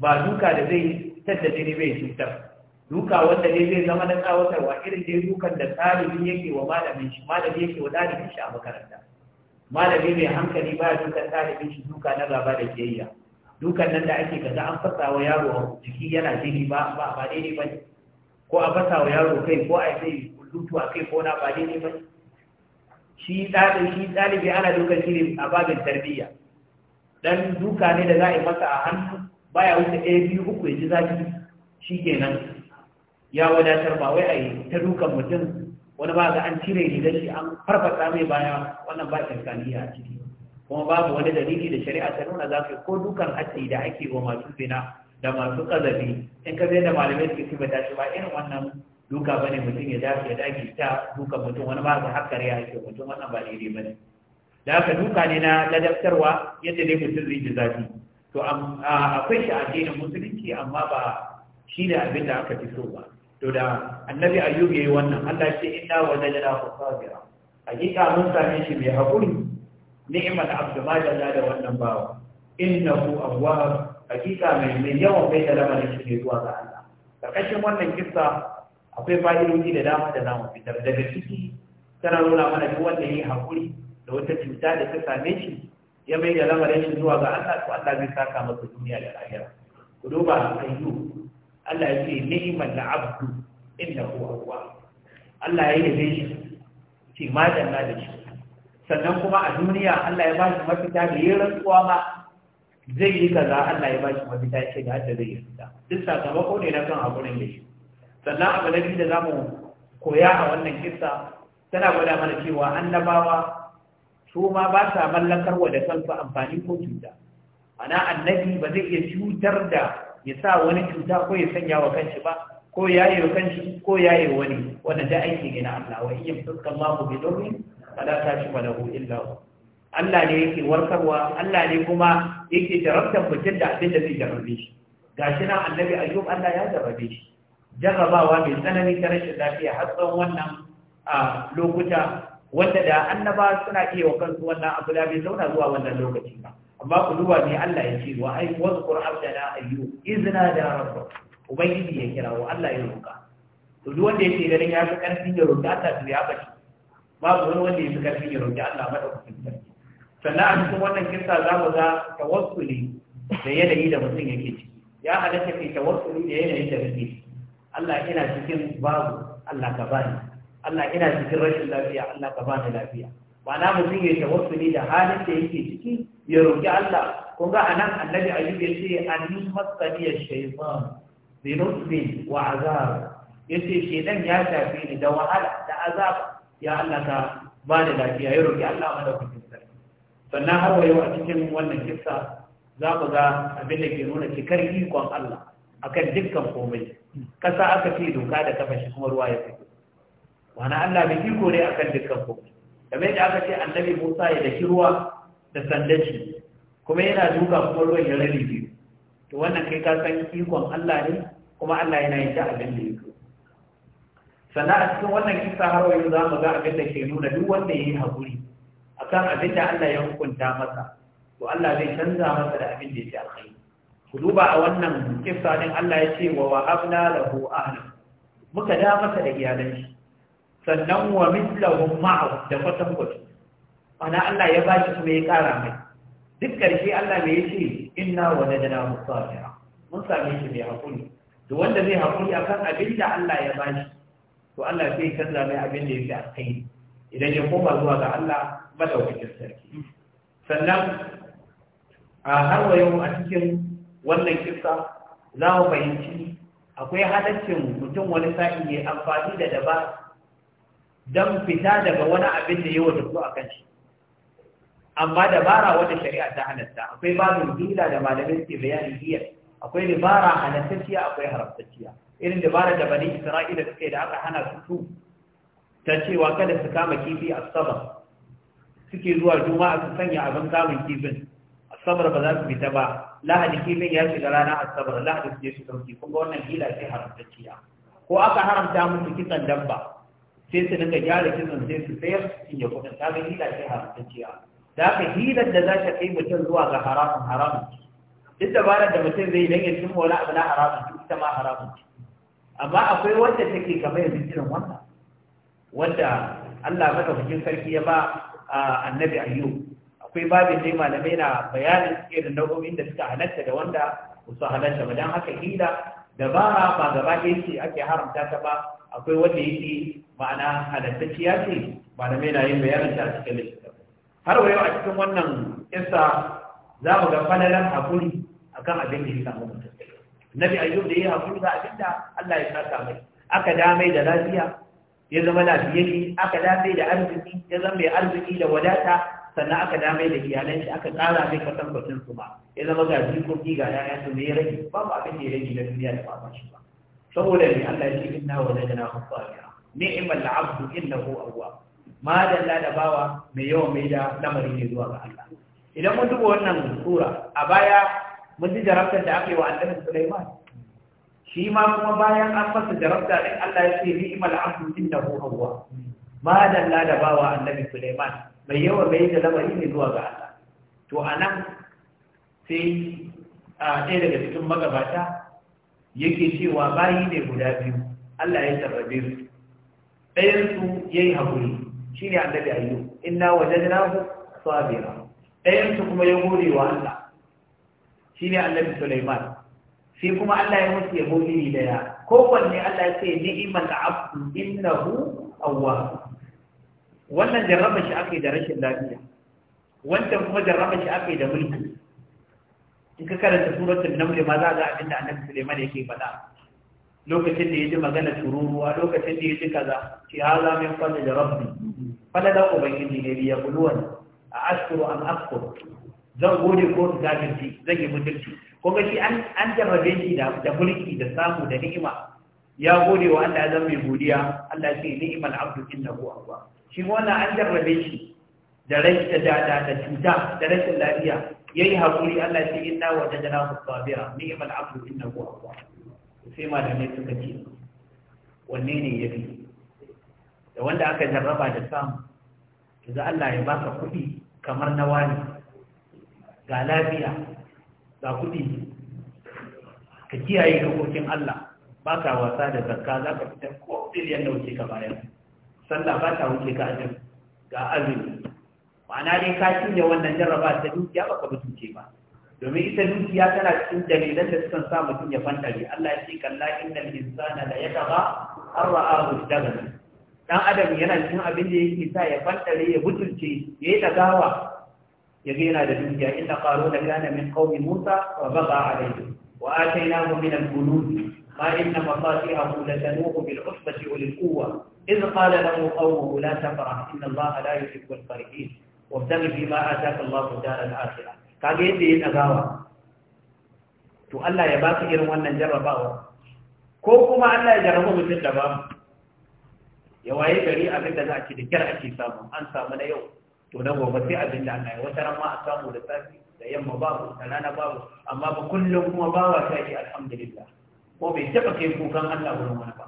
ba duka da zai tadda jini bai cutar duka wanda ne zai zama na tsawatarwa irin dai dukan da ya yake wa malamin shi malami yake wa ɗalibin shi a makaranta malami mai hankali ba dukan ɗalibin shi duka na gaba da kiyayya dukan nan da ake kaza an fasa wa yaro jiki yana jini ba ba ba daidai ba ko a fasa wa yaro kai ko a yi zai lutu a kai ko na ba daidai ba ne shi ɗalin shi ɗalibi ana dukan shi ne a babin tarbiyya dan duka ne da za a yi masa a hannu baya wuce ɗaya biyu uku ya ji zafi shi kenan ya wadatar ba wai a yi ta dukan mutum wani ba ga an cire rigar shi an farfasa mai baya wannan ba kyankaniya a ciki kuma babu wani dalili da shari'a ta nuna za ka ko dukan hatsi da ake wa masu zina da masu ƙazafi, in ka zai da malamai suke ta shi ba irin wannan duka bane mutum ya dace ya dage ta duka mutum wani ba har kare ya ce mutum wannan ba daidai bane da haka duka ne na ladabtarwa yadda dai mutum zai ji zafi to akwai shi a addinin musulunci amma ba shi ne abin da aka fi so ba to da annabi ayyub yayi wannan Allah ce inna wajadna sabira hakika mun same shi mai hakuri ni'mal abdu ma jalla da wannan bawa innahu awwab hakika mai mai yawan bai da lamarin shi ne zuwa ga Allah karkashin wannan kissa akwai fa'idoji da dama da za mu fitar daga ciki tana nuna mana duk wanda ya yi haƙuri da wata cuta da ta same shi ya mai da lamarin shi zuwa ga Allah to Allah zai saka masa duniya da lahira ku duba ayyu Allah ya ce ni'mal abdu innahu huwa Allah ya yi da shi ki madanna da shi sannan kuma a duniya Allah ya ba shi mafita da yin rantsuwa ba. zai yi kaza Allah ya ba shi mafita ya ce ga hadda zai yi fita duk sakamako ne na kan haƙurin da shi sannan abu na biyu da za mu koya a wannan kisa, tana gwada mana cewa annabawa su ma ba sa mallakar wa da kansu amfani ko cuta ana annabi ba zai iya cutar da ya sa wani cuta ko ya sanya wa kanshi ba ko ya yi wa kanshi ko ya yi wani wanda da aiki gina Allah wa iya fuskan mahu bi domin fala ta shi malahu illa Allah ne yake warkarwa Allah ne kuma yake jarabtar mutum da abin da zai jarabe shi gashi nan annabi ayyub Allah ya jarabe shi jarrabawa mai tsanani ta rashin lafiya har tsawon wannan lokuta wanda da annaba suna iya wa kansu wannan abu da bai zauna zuwa wannan lokaci ba amma ku duba ne Allah ya ce wa ai wazkur abdana ayyu izna da rabba ubangiji ya kira wa Allah ya roka to duk wanda yake ganin ya fi karfin ya roki Allah to ya bace babu wani wanda ya fi karfin ya roki Allah madaukakin sarki sannan a cikin wannan kissa za mu ga tawassuli da yanayi da mutum yake ciki ya halatta kai tawassuli da yanayi da mutum kake ciki Allah ina cikin babu Allah ka bani Allah ina cikin rashin lafiya Allah ka bani lafiya ma'ana mutum ya tawassuli da halin da yake ciki ya roki Allah kun ga anan annabi ayyub ya ce anni masani ash-shaytan bi wa azab yace ya shafi ni da wahala da azab ya Allah ka bani lafiya ya roki Allah madaukakin sarki sannan har yau a cikin wannan kissa za ku ga abin da ke nuna cikar ikon Allah akan dukkan komai Kasa aka ce doka da kafa shi kuma ruwa ya fito wani Allah mai iko ne akan dukkan ku kamar yadda aka ce annabi Musa ya daki ruwa da sandan shi kuma yana duka kuma ruwan ya rabi biyu to wannan kai ka san ikon Allah ne kuma Allah yana yin ta abin da yake sannan a cikin wannan kisa har wayo za mu ga abin da ke nuna duk wanda ya yi haƙuri akan abin da Allah ya hukunta masa to Allah zai canza masa da abin da ya ce alkhairi ku duba a wannan kisa din Allah ya ce wa wahabna lahu ahla muka da masa da iyalai shi sannan wa mithluhum ma'a da fatan kwato ana Allah ya bashi kuma ya kara mai duk ƙarshe Allah mai yace inna nadana musafira mun same shi mai hakuri to wanda zai hakuri akan abin da Allah ya bashi to Allah zai canza mai abin da yake kai idan ya koma zuwa ga Allah madaukakin sarki sannan a har wa yau a cikin wannan kisa za mu fahimci akwai halaccin mutum wani sa'i ya amfani da daba don fita daga wani abin da yawa da a kan shi amma dabara wata shari'a ta halatta akwai babin dila da malamin ke bayanin iya akwai dabara halattacciya akwai haramtacciya irin dabara da bani isra'ila suke da aka hana su su ta cewa kada su kama kifi a saba suke zuwa juma'a su sanya abin kamun kifin Sabar ba za su fita ba lahadi filin ya shiga ranar asabar lahadi su je su ɗauki kuma wannan hila ce haramtacciya ko aka haramta musu kisan dabba sai su dinga gyara kisan sai su sayar su cinye kuɗin ta ga hila ce haramtacciya da aka hilar da za ta kai mutum zuwa ga haramun haramun duk dabarar da mutum zai dan ya cimma wani abu na haramun ita ma haramun amma akwai wanda take kamar yanzu irin wannan wanda Allah madaukakin sarki ya ba annabi ayyub akwai babin dai malamai na bayanin irin nau'o'in da suka halatta da wanda su halatta ba don haka hila dabara ba gaba ɗaya ce ake haramta ta ba akwai wanda yake ma'ana halattacciya ce malamai na yin bayanin ta cikin littattafai har wa yau a cikin wannan isa za mu ga falalan hakuri akan abin da ya samu mutum nabi ayyub da ya hakuri ga abin da Allah ya saka mai aka damai da lafiya ya zama lafiyayye aka damai da arziki ya zama mai arziki da wadata sannan aka dame da iyalan shi aka tsara mai kwatankwacin su ba ya zama ga jikoki ga yaya su ne rage babu abin da ya rage na duniya da ba shi ba saboda ne Allah ya ce inna wa lajana khafariya ni'mal abdu innahu awwab ma dalla da bawa mai yawan mai da lamari ne zuwa ga Allah idan mun duba wannan sura a baya mun ji jarabtar da aka yi wa annabi Sulaiman shi ma kuma bayan an fasa jarabta din Allah ya ce ni'mal abdu innahu awwab ma dalla da bawa annabi Sulaiman mai yawa mai da lamari ne zuwa ga Allah to a nan sai a ɗaya daga cikin magabata yake cewa bayi ne guda biyu Allah ya tarrabe su ɗayan ya yi haƙuri shi ne annabi ayyu inna wajadnahu sabira su kuma ya gode wa Allah shi ne annabi Sulaiman Sai kuma Allah ya musu yabo da daya ko wanne Allah ya ce ni'mal abdu innahu awwab wannan jarraba shi ake da rashin lafiya wancan kuma jarraba shi ake da mulki in ka karanta suratul naml ma za ga abinda annabi Sulaiman yake faɗa lokacin da yaji magana tururuwa lokacin da yaji kaza ki haza min fadl rabbi fala da ubangiji ne ya kulwan a ashkuru an akfur zan gode ko in kafirci zan yi mutunci ko ga shi an an jarrabe shi da da mulki da samu da ni'ima ya gode wa Allah ya zama mai godiya Allah ya ce ni'mal abdu innahu awwab shi wannan an jarrabe shi da rai da dada da cuta da rashin lafiya yayi hakuri Allah ce inna wajadnahu sabira ni'mal abdu innahu awwab sai malamai suka ce wanne ne yafi da wanda aka jarraba da samu yanzu Allah ya baka kuɗi kamar na wani ga lafiya ga kuɗi ka kiyaye dokokin Allah baka wasa da zakka zaka fitar ko biliyan da wuce ka bayar sallah ba ta wuce ka ajin ga azumi ma'ana dai ka cinye wannan jarraba ta dukiya baka mutunce ba domin ita dukiya tana cikin dalilan da sukan sa mutum ya fantare Allah ya ce kalla innal insana la yataba arra'ahu dagan dan adam yana cikin abin da yake sa ya fantare ya mutunce ya yi dagawa ya ga yana da dukiya inna qaruna kana min qaumi musa wa baqa alayhi wa atainahu min al-kunuz قال إن مفاتيحه لتنوء بالعصبة وللقوة إذ قال له قومه لا تفرح إن الله لا يحب الفرحين وابتغ فيما آتاك الله دار الآخرة قال يدي الأغاوة to Allah ya ba irin wannan jarrabawa ko kuma Allah ya jarraba mutum da ba ya waye gari abinda za a ci da kyar ake samu an samu na yau to na gobe sai abin da Allah ya wata ran ma a samu da da yamma babu rana babu amma ba kullum kuma bawa sai alhamdulillah ko bai taɓa kai kukan Allah wurin wani ba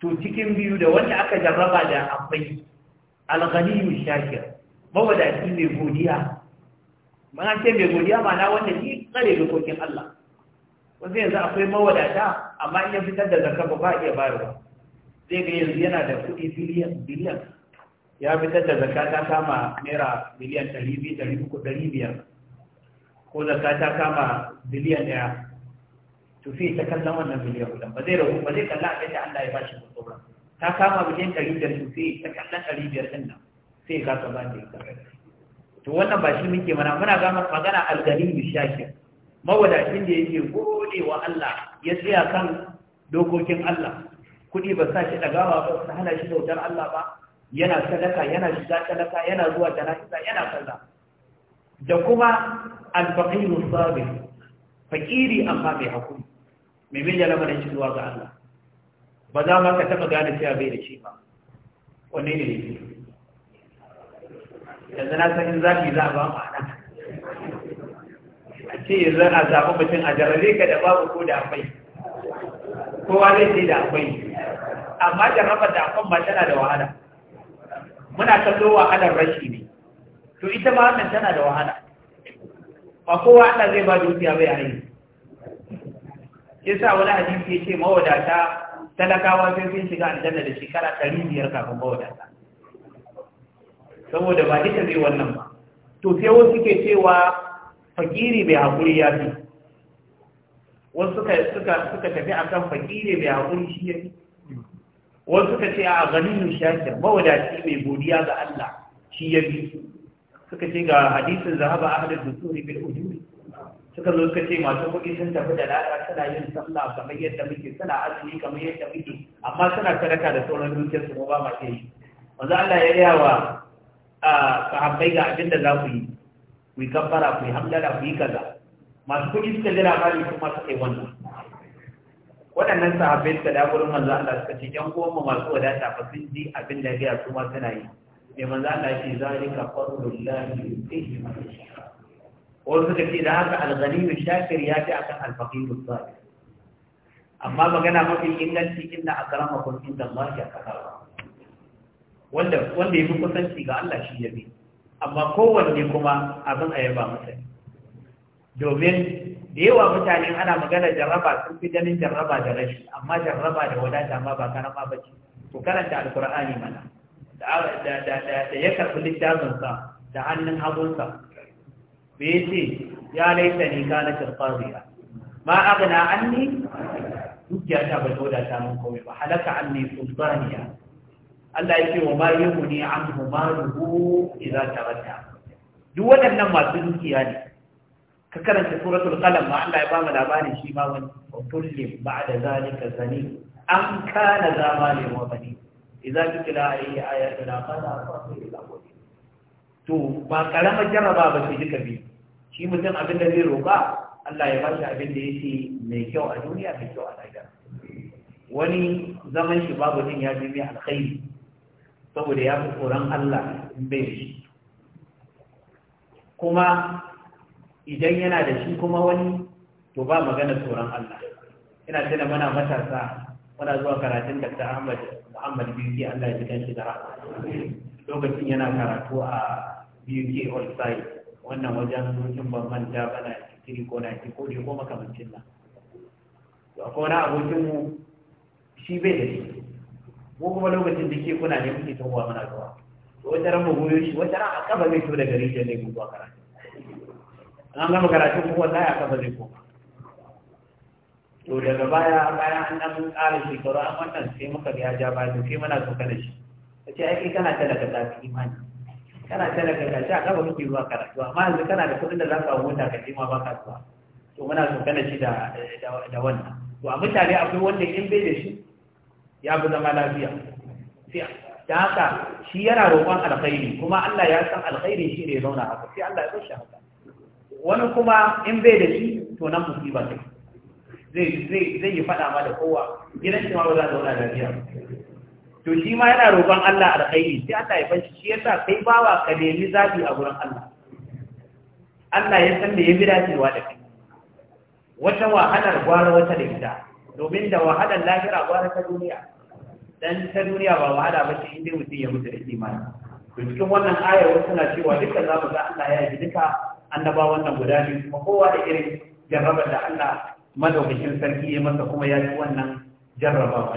to cikin biyu da wanda aka jarraba da akwai alghani shakir mawadaci mai godiya mana ce mai godiya mana wanda shi tsare kokin Allah wasu yanzu akwai mawadata amma in ya fitar da zakka ba ba iya bayarwa zai ga yanzu yana da kuɗi biliyan biliyan ya fitar da zakka ta kama naira miliyan ɗari biyu ɗari uku ɗari biyar ko zakka ta kama biliyan ɗaya to sai ta kallon wannan miliyan kudin ba zai rabu ba zai kalla a da Allah ya bashi ko tsora ta kama bikin ɗari da to sai ta kallon ɗari biyar ɗin nan sai ya kasa ba da ya to wannan ba shi muke mana muna gama magana algarin bishashir mawadacin da yake gode wa Allah ya tsaya kan dokokin Allah kuɗi ba sa shi ɗagawa ba su hana shi bautar Allah ba yana sadaka yana shiga sadaka, yana zuwa jana'iza yana kaza da kuma alfaqiru sabir fakiri amma mai hakuri mai mai lamarin shi zuwa ga Allah ba za ma ka taɓa gane cewa bai da shi ba Wani ne ne yanzu na san in zafi za a ba mu ana a ce yanzu a zaɓi mutum a jarare ka da babu ko da akwai kowa zai ce da akwai amma jarrabar da akwai ma tana da wahala muna kallo wahalar rashi ne to ita ma wannan tana da wahala ba kowa ana zai ba dukiya bai a yi sa wani hadisi ya ce mawadata talakawa sai sun shiga aljanna da shekara ɗari biyar kafin mawadata saboda ba duka zai wannan ba to sai wasu ke cewa fakiri mai haƙuri ya fi wasu suka tafi tafi akan fakiri mai haƙuri shi ya fi wasu suka ce a ganin shakir mawadaci mai godiya ga Allah shi ya fi suka ce ga hadisin zahaba ahlul dusuri bil ujuri suka zo suka ce masu kuɗi sun tafi da lada suna yin sallah kamar yadda muke suna azumi kamar yadda muke amma suna sadaka da sauran dukiyar su ba ma kai. wanzu Allah ya yi wa hambai ga abin da za ku yi ku yi kafara ku yi hamdala ku yi kaza masu kuɗi suka jira mali kuma suka yi wannan waɗannan sahabbai suka da gurin manzo Allah suka ce kowa goma masu wadata ba sun ji abin da ya su ma suna yi mai manzo Allah ya ce zalika fadlullahi yu'tihi man yasha wani suka ce da haka al alghaniyu shakir ya fi akan alfaqiru sabir amma magana mafi inganci inna akramakum inda Allah ya kakara wanda wanda yafi kusanci ga Allah shi yabi amma kowanne kuma abin a yaba masa domin da yawa mutane ana magana jarraba sun fi ganin jarraba da rashi amma jarraba da wadata ma ba karama ba ce ku karanta alkur'ani mana da da ya karɓi littafinsa da hannun hagunsa me yace ya laita ni kana tirqadiya ma aghna anni dukiya ta bai zo da samun komai ba halaka anni sultaniya Allah ya ce wa ma yughni anhu maluhu idza tarata duk waɗannan masu dukiya ne ka karanta suratul qalam ma Allah ya ba mu labarin shi ma wani kulli ba'da zalika zani an kana zamani wa bani idza tukila alayhi ayatuna qala asafu ila qul to ba karamar jarraba ba ce duka biyu shi mutum abin da zai roƙa Allah ya bashi abin da yake mai kyau a duniya mai kyau a lahira wani zaman shi babu din ya bi alkhairi saboda ya fi tsoron Allah in bai da shi kuma idan yana da shi kuma wani to ba magana tsoron Allah ina tana mana matasa muna zuwa karatun Dattar Ahmad Muhammad Bilki Allah ya ji shi da lokacin yana karatu a uk all side wannan wajen in ban manta ba na ko na ko ne ko makamancin nan to akwai wani abokin mu shi bai da shi ko kuma lokacin da ke kuna ne muke tawowa mana zuwa to wata ran mu goyo shi wata ran a zai to daga rijiyar ne mu zuwa karatu an gama karatu kuma wata ya kafa zai koma to daga baya bayan an ɗan ƙara shekaru an wannan sai muka ga ya ja baya to sai muna tsokanar shi kace ce aiki kana talaka ta imani kana ta, ka a kaba muke zuwa karatu amma yanzu kana da kuɗin da za ka mota ka je ma ba ka zuwa to muna so kana shi da da wannan to a mutane akwai wanda in bai da shi ya fi zama lafiya sai da haka shi yana roƙon alkhairi kuma Allah ya san alkhairi shi ne zauna haka sai Allah ya san shi haka wani kuma in bai da shi to nan musiba ne zai zai zai yi fada ma da kowa gidan shi ma ba za ta zauna lafiya to shi ma yana roƙon Allah alkhairi sai Allah ya bashi shi yasa kai bawa ka nemi zabi a gurin Allah Allah ya san da ya bi dacewa da kai wata wahalar gwara wata da ita domin da wahalar lahira gwara ta duniya dan ta duniya ba wahala ba ce inda mutum ya mutu da imani to cikin wannan ayar wasu na cewa duka za mu ga Allah ya yi duka annaba wannan guda biyu kuma kowa da irin jarrabar da Allah madaukakin sarki ya masa kuma ya ci wannan jarrabawa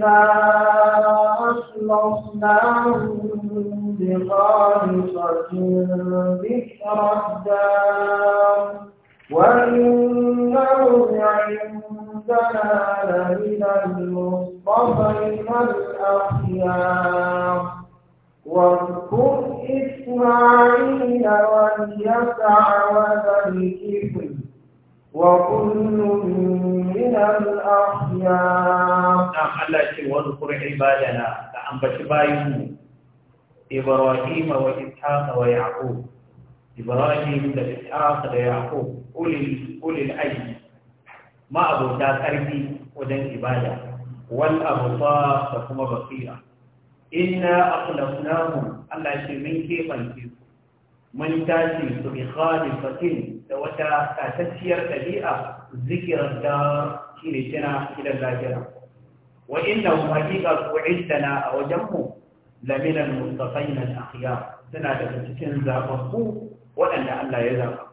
إنا أصلحناهم بخالصة ذكر الدار وإنهم عندنا لمن المصطفين الأخيار واذكر إسماعيل واليسع وذا الكفر وكل من الأحياء نعم الله شيء واذكر عبادنا نعم بشبايه إبراهيم وإسحاق ويعقوب إبراهيم وإسحاق ويعقوب أولي أولي الأجل ما أبو ذات أرضي ودن إبادة والأبصار فكما بصيرة إنا أخلصناهم الله شيء من كيف mun tashi su bi khalifatin da wata tatacciyar ɗabi'a zikirar da shi ne tana gidan lafiya wa inna mu haƙiƙa ku'idana a wajenmu laminan mustafai na akhiya suna daga cikin zaɓaɓɓu waɗanda Allah ya zaɓa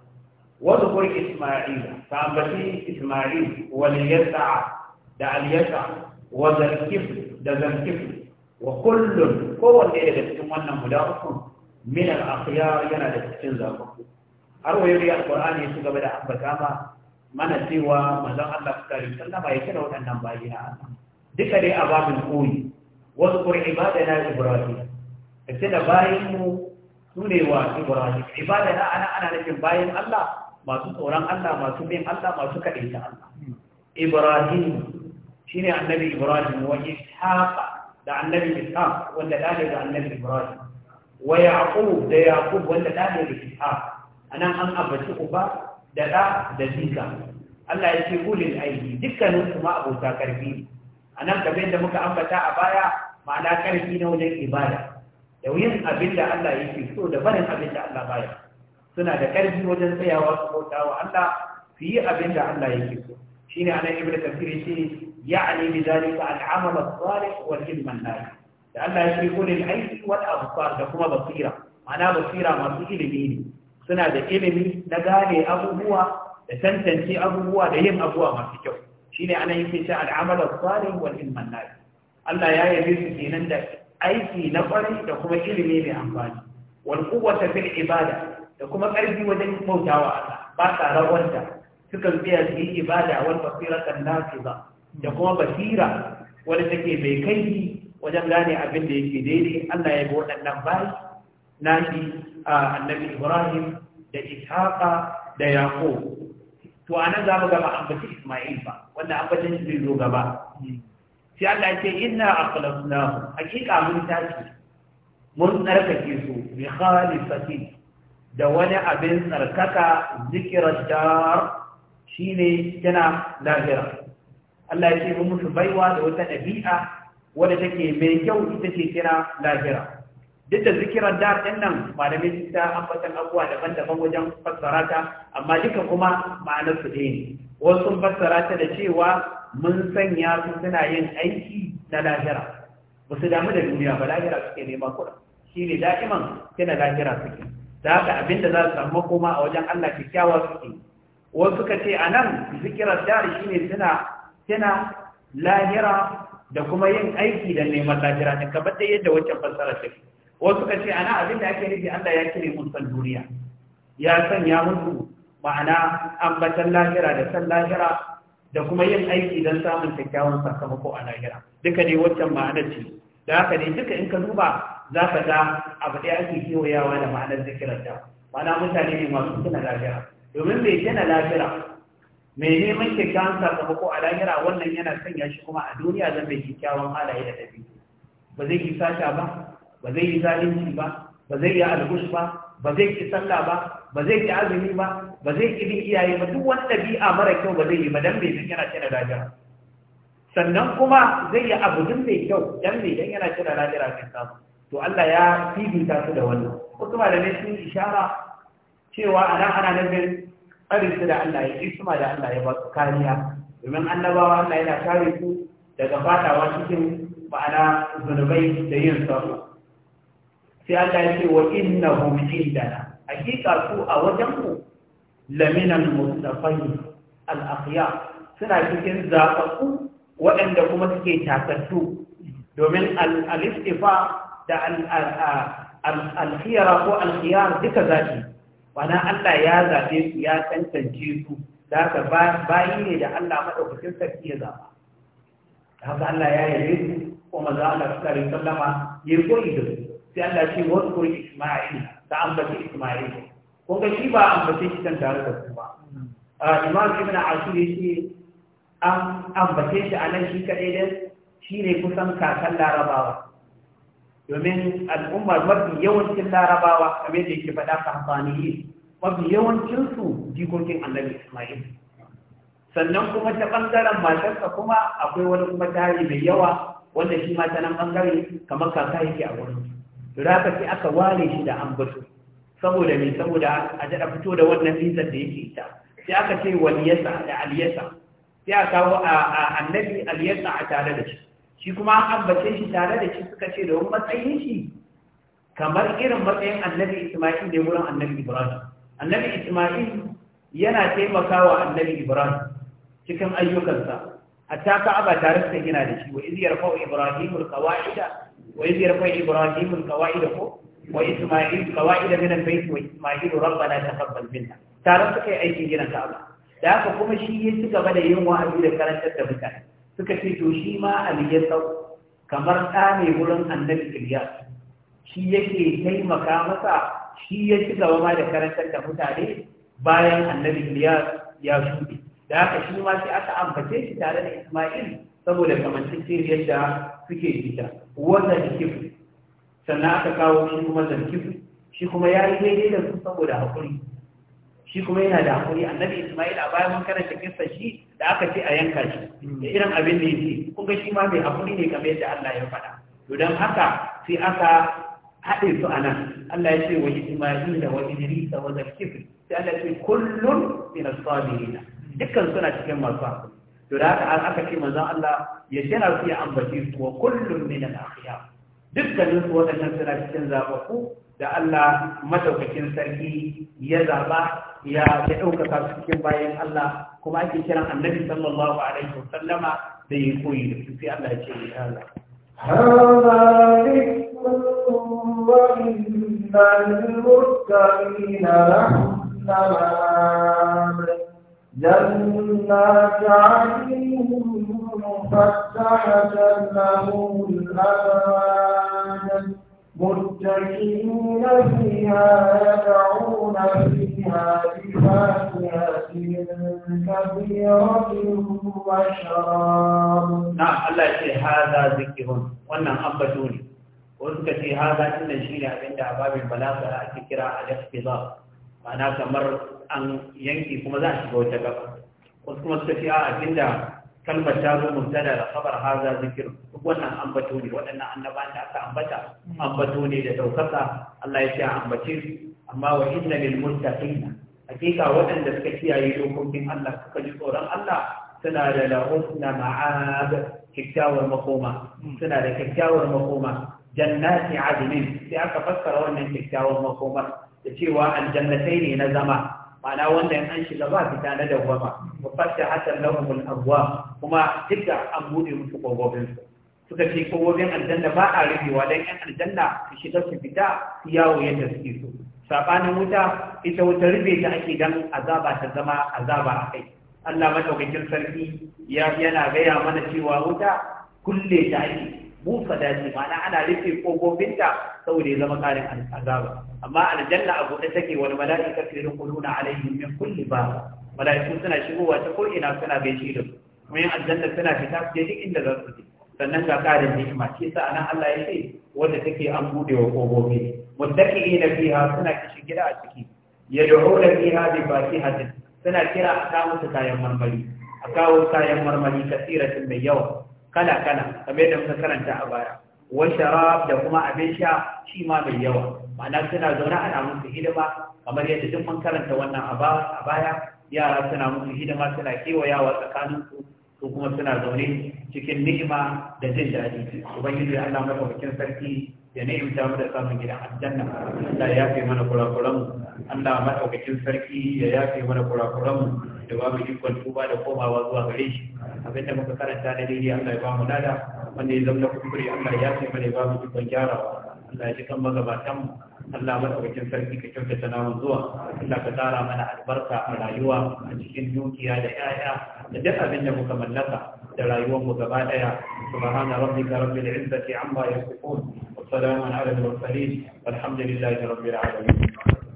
wadda kur isma'il ta ambaci isma'il wal da al wa zarkif da zarkif kowanne cikin wannan guda min al-akhyar yana da cikin zaɓaɓɓu har wayar al alqur'ani su gaba da ambata ma mana cewa manzon Allah sallallahu alaihi wasallam ya kira waɗannan bayi na Allah duka dai ababin koyi wasu kur ibadana ibrahim kace da bayin mu sune wa ibrahim ibadana ana ana nufin bayin Allah masu tsoron Allah masu bin Allah masu kadaita Allah ibrahim shine annabi ibrahim wa ishaq da annabi ishaq wanda dane da annabi ibrahim wa yaqub da yaqub wanda da ne A anan an ambaci uba da da da Zika. Allah ya ce ulil dukkanin kuma ma abota karfi anan kamar da muka ambata a baya ma'ana karfi na wajen ibada da yin abin da Allah yake so da barin abinda Allah baya suna da karfi wajen tsayawa su bauta wa Allah su yi abin da Allah yake so shine anan ibnu kafir yace ya'ni bi zalika al-amal as-salih wal ilm an-nafi da Allah ya shirko lil aiki wata abubuwa da kuma basira ma'ana basira masu ilimi ne suna da ilimi na gane abubuwa da tantance abubuwa da yin abubuwa masu kyau shine ana yin cewa al'amal as wal Allah ya yabe su kenan da aiki na kwari da kuma ilimi mai amfani wal quwwata fil ibada da kuma karfi wajen bautawa Allah ba sa rawarta sukan tsaya su ibada wal basira kan nafiza da kuma basira wanda take mai kai wajen gane abin da yake daidai Allah ya bi waɗannan bayi a annabi Ibrahim da Ishaqa da Yaqub to anan za mu gaba ambaci Isma'il ba wanda ambacin shi zai zo gaba sai Allah ya ce inna aqlasnahu hakika mun tashi mun tsarkake su bi khalisati da wani abin tsarkaka zikirar dar shine ne yana lahira. Allah ya ce mun musu baiwa da wata ɗabi'a wadda take mai kyau ita ce kira lahira duk da zikirar da ɗin nan malamai su ta ambatan abubuwa daban-daban wajen fassara ta amma duka kuma ma'anar su ɗaya ne wasu fassara ta da cewa mun sanya su suna yin aiki na lahira ba su damu da duniya ba lahira suke nema kuɗa shi ne da'iman kina lahira suke da haka abin da za su samu koma a wajen Allah kyakkyawa suke wasu ka ce a nan zikirar dari shi ne suna lahira da kuma yin aiki da neman lajira ne kamar da yadda wacce fassara take wasu ka ce ana abin da ake nufi Allah ya kire mun san duniya ya sanya mutu ma'ana ambatan lahira da san lahira da kuma yin aiki don samun kyakkyawan sakamako a lahira duka ne waccan ma'ana ce da haka ne duka in ka duba za ka ga abu ɗaya ake kewayawa da ma'anar zikirar da ma'ana mutane ne masu tuna lahira domin bai tuna lahira mai neman kyakkyawan sakamako a lahira wannan yana sanya shi kuma a duniya zan mai kyakkyawan halaye da ɗabi ba zai yi sasha ba ba zai yi zalunci ba ba zai yi alhush ba ba zai ki sallah ba ba zai ki azumi ba ba zai ki bin iyaye ba duk wani ɗabi'a mara kyau ba zai yi ba dan bai san yana cire lajira sannan kuma zai yi abu duk mai kyau dan mai dan yana cire lajira kan sa to Allah ya fifita su da wannan da malamai sun ishara cewa a nan ana tsarin su da Allah ya isma da Allah ya ba su kariya domin annabawa Allah yana kare su daga fatawa cikin ma'ana zunubai da yin sabo sai Allah ya ce wa innahum indana hakika su a wajen ku laminan mustafai al-akhyar suna cikin zaɓaɓɓu waɗanda kuma suke takattu domin al-istifa da al-khiyara ko al-khiyar duka zaɓi Wana Allah ya zaɓe su ya tantance su, da ka bayi ne da Allah madaukakin sarki ya zaɓa. Da haka Allah ya yi su, kuma za Allah suka kare sallama ya koyi da su. Sai Allah ce wasu kuri Ismail, ta ambaci Ismail. Kun ga shi ba ambaci shi kan tare da su ba. Imam Ibn Ashur shi an ambace shi a nan shi kaɗai dai shi ne kusan kakan larabawa. domin al'ummar mafi yawancin larabawa kamar da yake faɗa yi mafi yawancinsu jikokin annabi ismail sannan kuma ta ɓangaren matarsa kuma akwai wani kuma tari mai yawa wanda shi mata nan ɓangare kamar kaka yake a wurin raka ce aka ware shi da an batu saboda me saboda a jada fito da wannan fisar da yake ita sai aka ce waliyasa da aliyasa sai a kawo a annabi aliyasa a tare da shi shi kuma an ambace shi tare da shi suka ce domin matsayin shi kamar irin matsayin annabi Ismail da wurin annabi Ibrahim annabi Ismail yana taimakawa annabi Ibrahim cikin ayyukansa hatta aba tare da gina da shi wa iz yarfa'u Ibrahim al-qawa'ida wa iz yarfa'u Ibrahim al-qawa'ida ko wa Ismail qawa'ida min albayt wa Ismail rabbana taqabbal minna tare suka yi aikin gina Ka'aba da haka kuma shi ya ci gaba da yin wa'azi da karantar da mutane suka ce to shi ma ali ya sau kamar ɗa ne wurin annabi iliyas shi yake taimaka masa shi ya ci gaba ma da karantar da mutane bayan annabi iliyas ya shuɗe da haka shi ma sai aka ambace shi tare da isma'il saboda kamantacciyar yadda suke jita wannan kifu sannan aka kawo shi kuma zarkifu shi kuma ya yi daidai da su saboda haƙuri shi kuma yana da haƙuri, annabi Isma'il a bayan mun karanta kissa shi da aka ce a yanka shi hmm. da irin abin da yake kuma shi ma mai hakuri ne kamar yadda Allah ya faɗa to dan haka sai aka haɗe su anan Allah ya ce wa Isma'il da wa Idris wa Zakir sai Allah ya ce kullun min as-sabirin dukkan suna cikin masu haƙuri, to da haka aka ce manzon Allah ya jira su ya ambace su wa kullun min al-akhyar dukkanin su waɗannan suna cikin zaɓaɓɓu da Allah madaukakin sarki ya zaɓa ya ɗaukaka su cikin bayan Allah kuma ake kiran annabi sallallahu alaihi sallama da ya koyi da su sai Allah ya ce ya Allah. هذا ذكر وإن للمتقين لحسن جنات مفتحة لهم الأبواب متكئين فيها يدعون فيها بفاكهة كثيرة وشراب نعم ألا يقول هذا ذكر وانا أبتوني وذكر في هذا إن الشيء عند أبواب البلاغة ذكر الاختلاط معناه كمر أن ينكي كما ذا شبه وتكفى في هذا kalmar ta zo mubtada da khabar haza zikir wannan ambato ne waɗannan annabawan da aka ambata ambato ne da daukaka Allah ya ce ambace su amma wa inna lil hakika waɗanda suka kiyaye dokokin Allah suka ji tsoron Allah suna da lahum na ma'ab makoma suna da kyakkyawar makoma jannati adnin sai aka fassara wannan kyakkyawar makoma da cewa aljannatai ne na zama ma'ana wanda ya an shiga ba fita na dawwama wa fasta hasan lahumul abwa kuma duka an bude musu kogobin su suka ce kogobin aljanna ba a rubewa dan yan aljanna su shiga su fita su yawo yadda suke so sabanin wuta ita wuta rube ta ake dan azaba ta zama azaba a kai Allah madaukakin sarki ya yana gaya mana cewa wuta kulle ta ake busa daji ma'ana ana rufe kogofinta saboda ya zama karin azaba amma aljanna a buɗe take wani mala'ika fi rukununa alaihim min kulli ba mala'iku suna shigowa ta ko ina suna gaishe da su Mun aljanna suna fita su je duk inda za su je sannan ga karin ni'ima shi yasa anan Allah ya ce wanda take an bude wa kogofi muttaqiina fiha suna kishin gida a ciki yad'una fiha bi fatihatin suna kira a kawo su kayan marmari a kawo kayan marmari kasiratin mai yawa kala kala kamar yadda muka karanta a baya wa sharab da kuma abin sha shi ma mai yawa ma'ana suna zaune ana musu hidima kamar yadda duk mun karanta wannan a baya yara suna musu hidima suna kewayawa tsakaninsu ko kuma suna zaune cikin ni'ima da jin daɗi ubangiji Allah madaukakin sarki ya ni'imta mu da samun gidan aljanna Allah ya fi mana kurakuranmu Allah sarki ya yafe mana kurakuranmu da ba mu ikon tuba da komawa zuwa gare shi da muka karanta da dai Allah ya ba mu nada wanda ya zama kuskure Allah ya fi mana ba mu ikon gyarawa Allah ya ji kan mu Allah madaukakin sarki ka kyautata namu zuwa Allah ka tsara mana albarka a rayuwa a cikin dukiya da 'ya'ya da duk abin da muka mallaka da rayuwar mu gaba daya subhana rabbika rabbil izzati amma yasifun wa salamun ala al mursalin walhamdulillahi rabbil alamin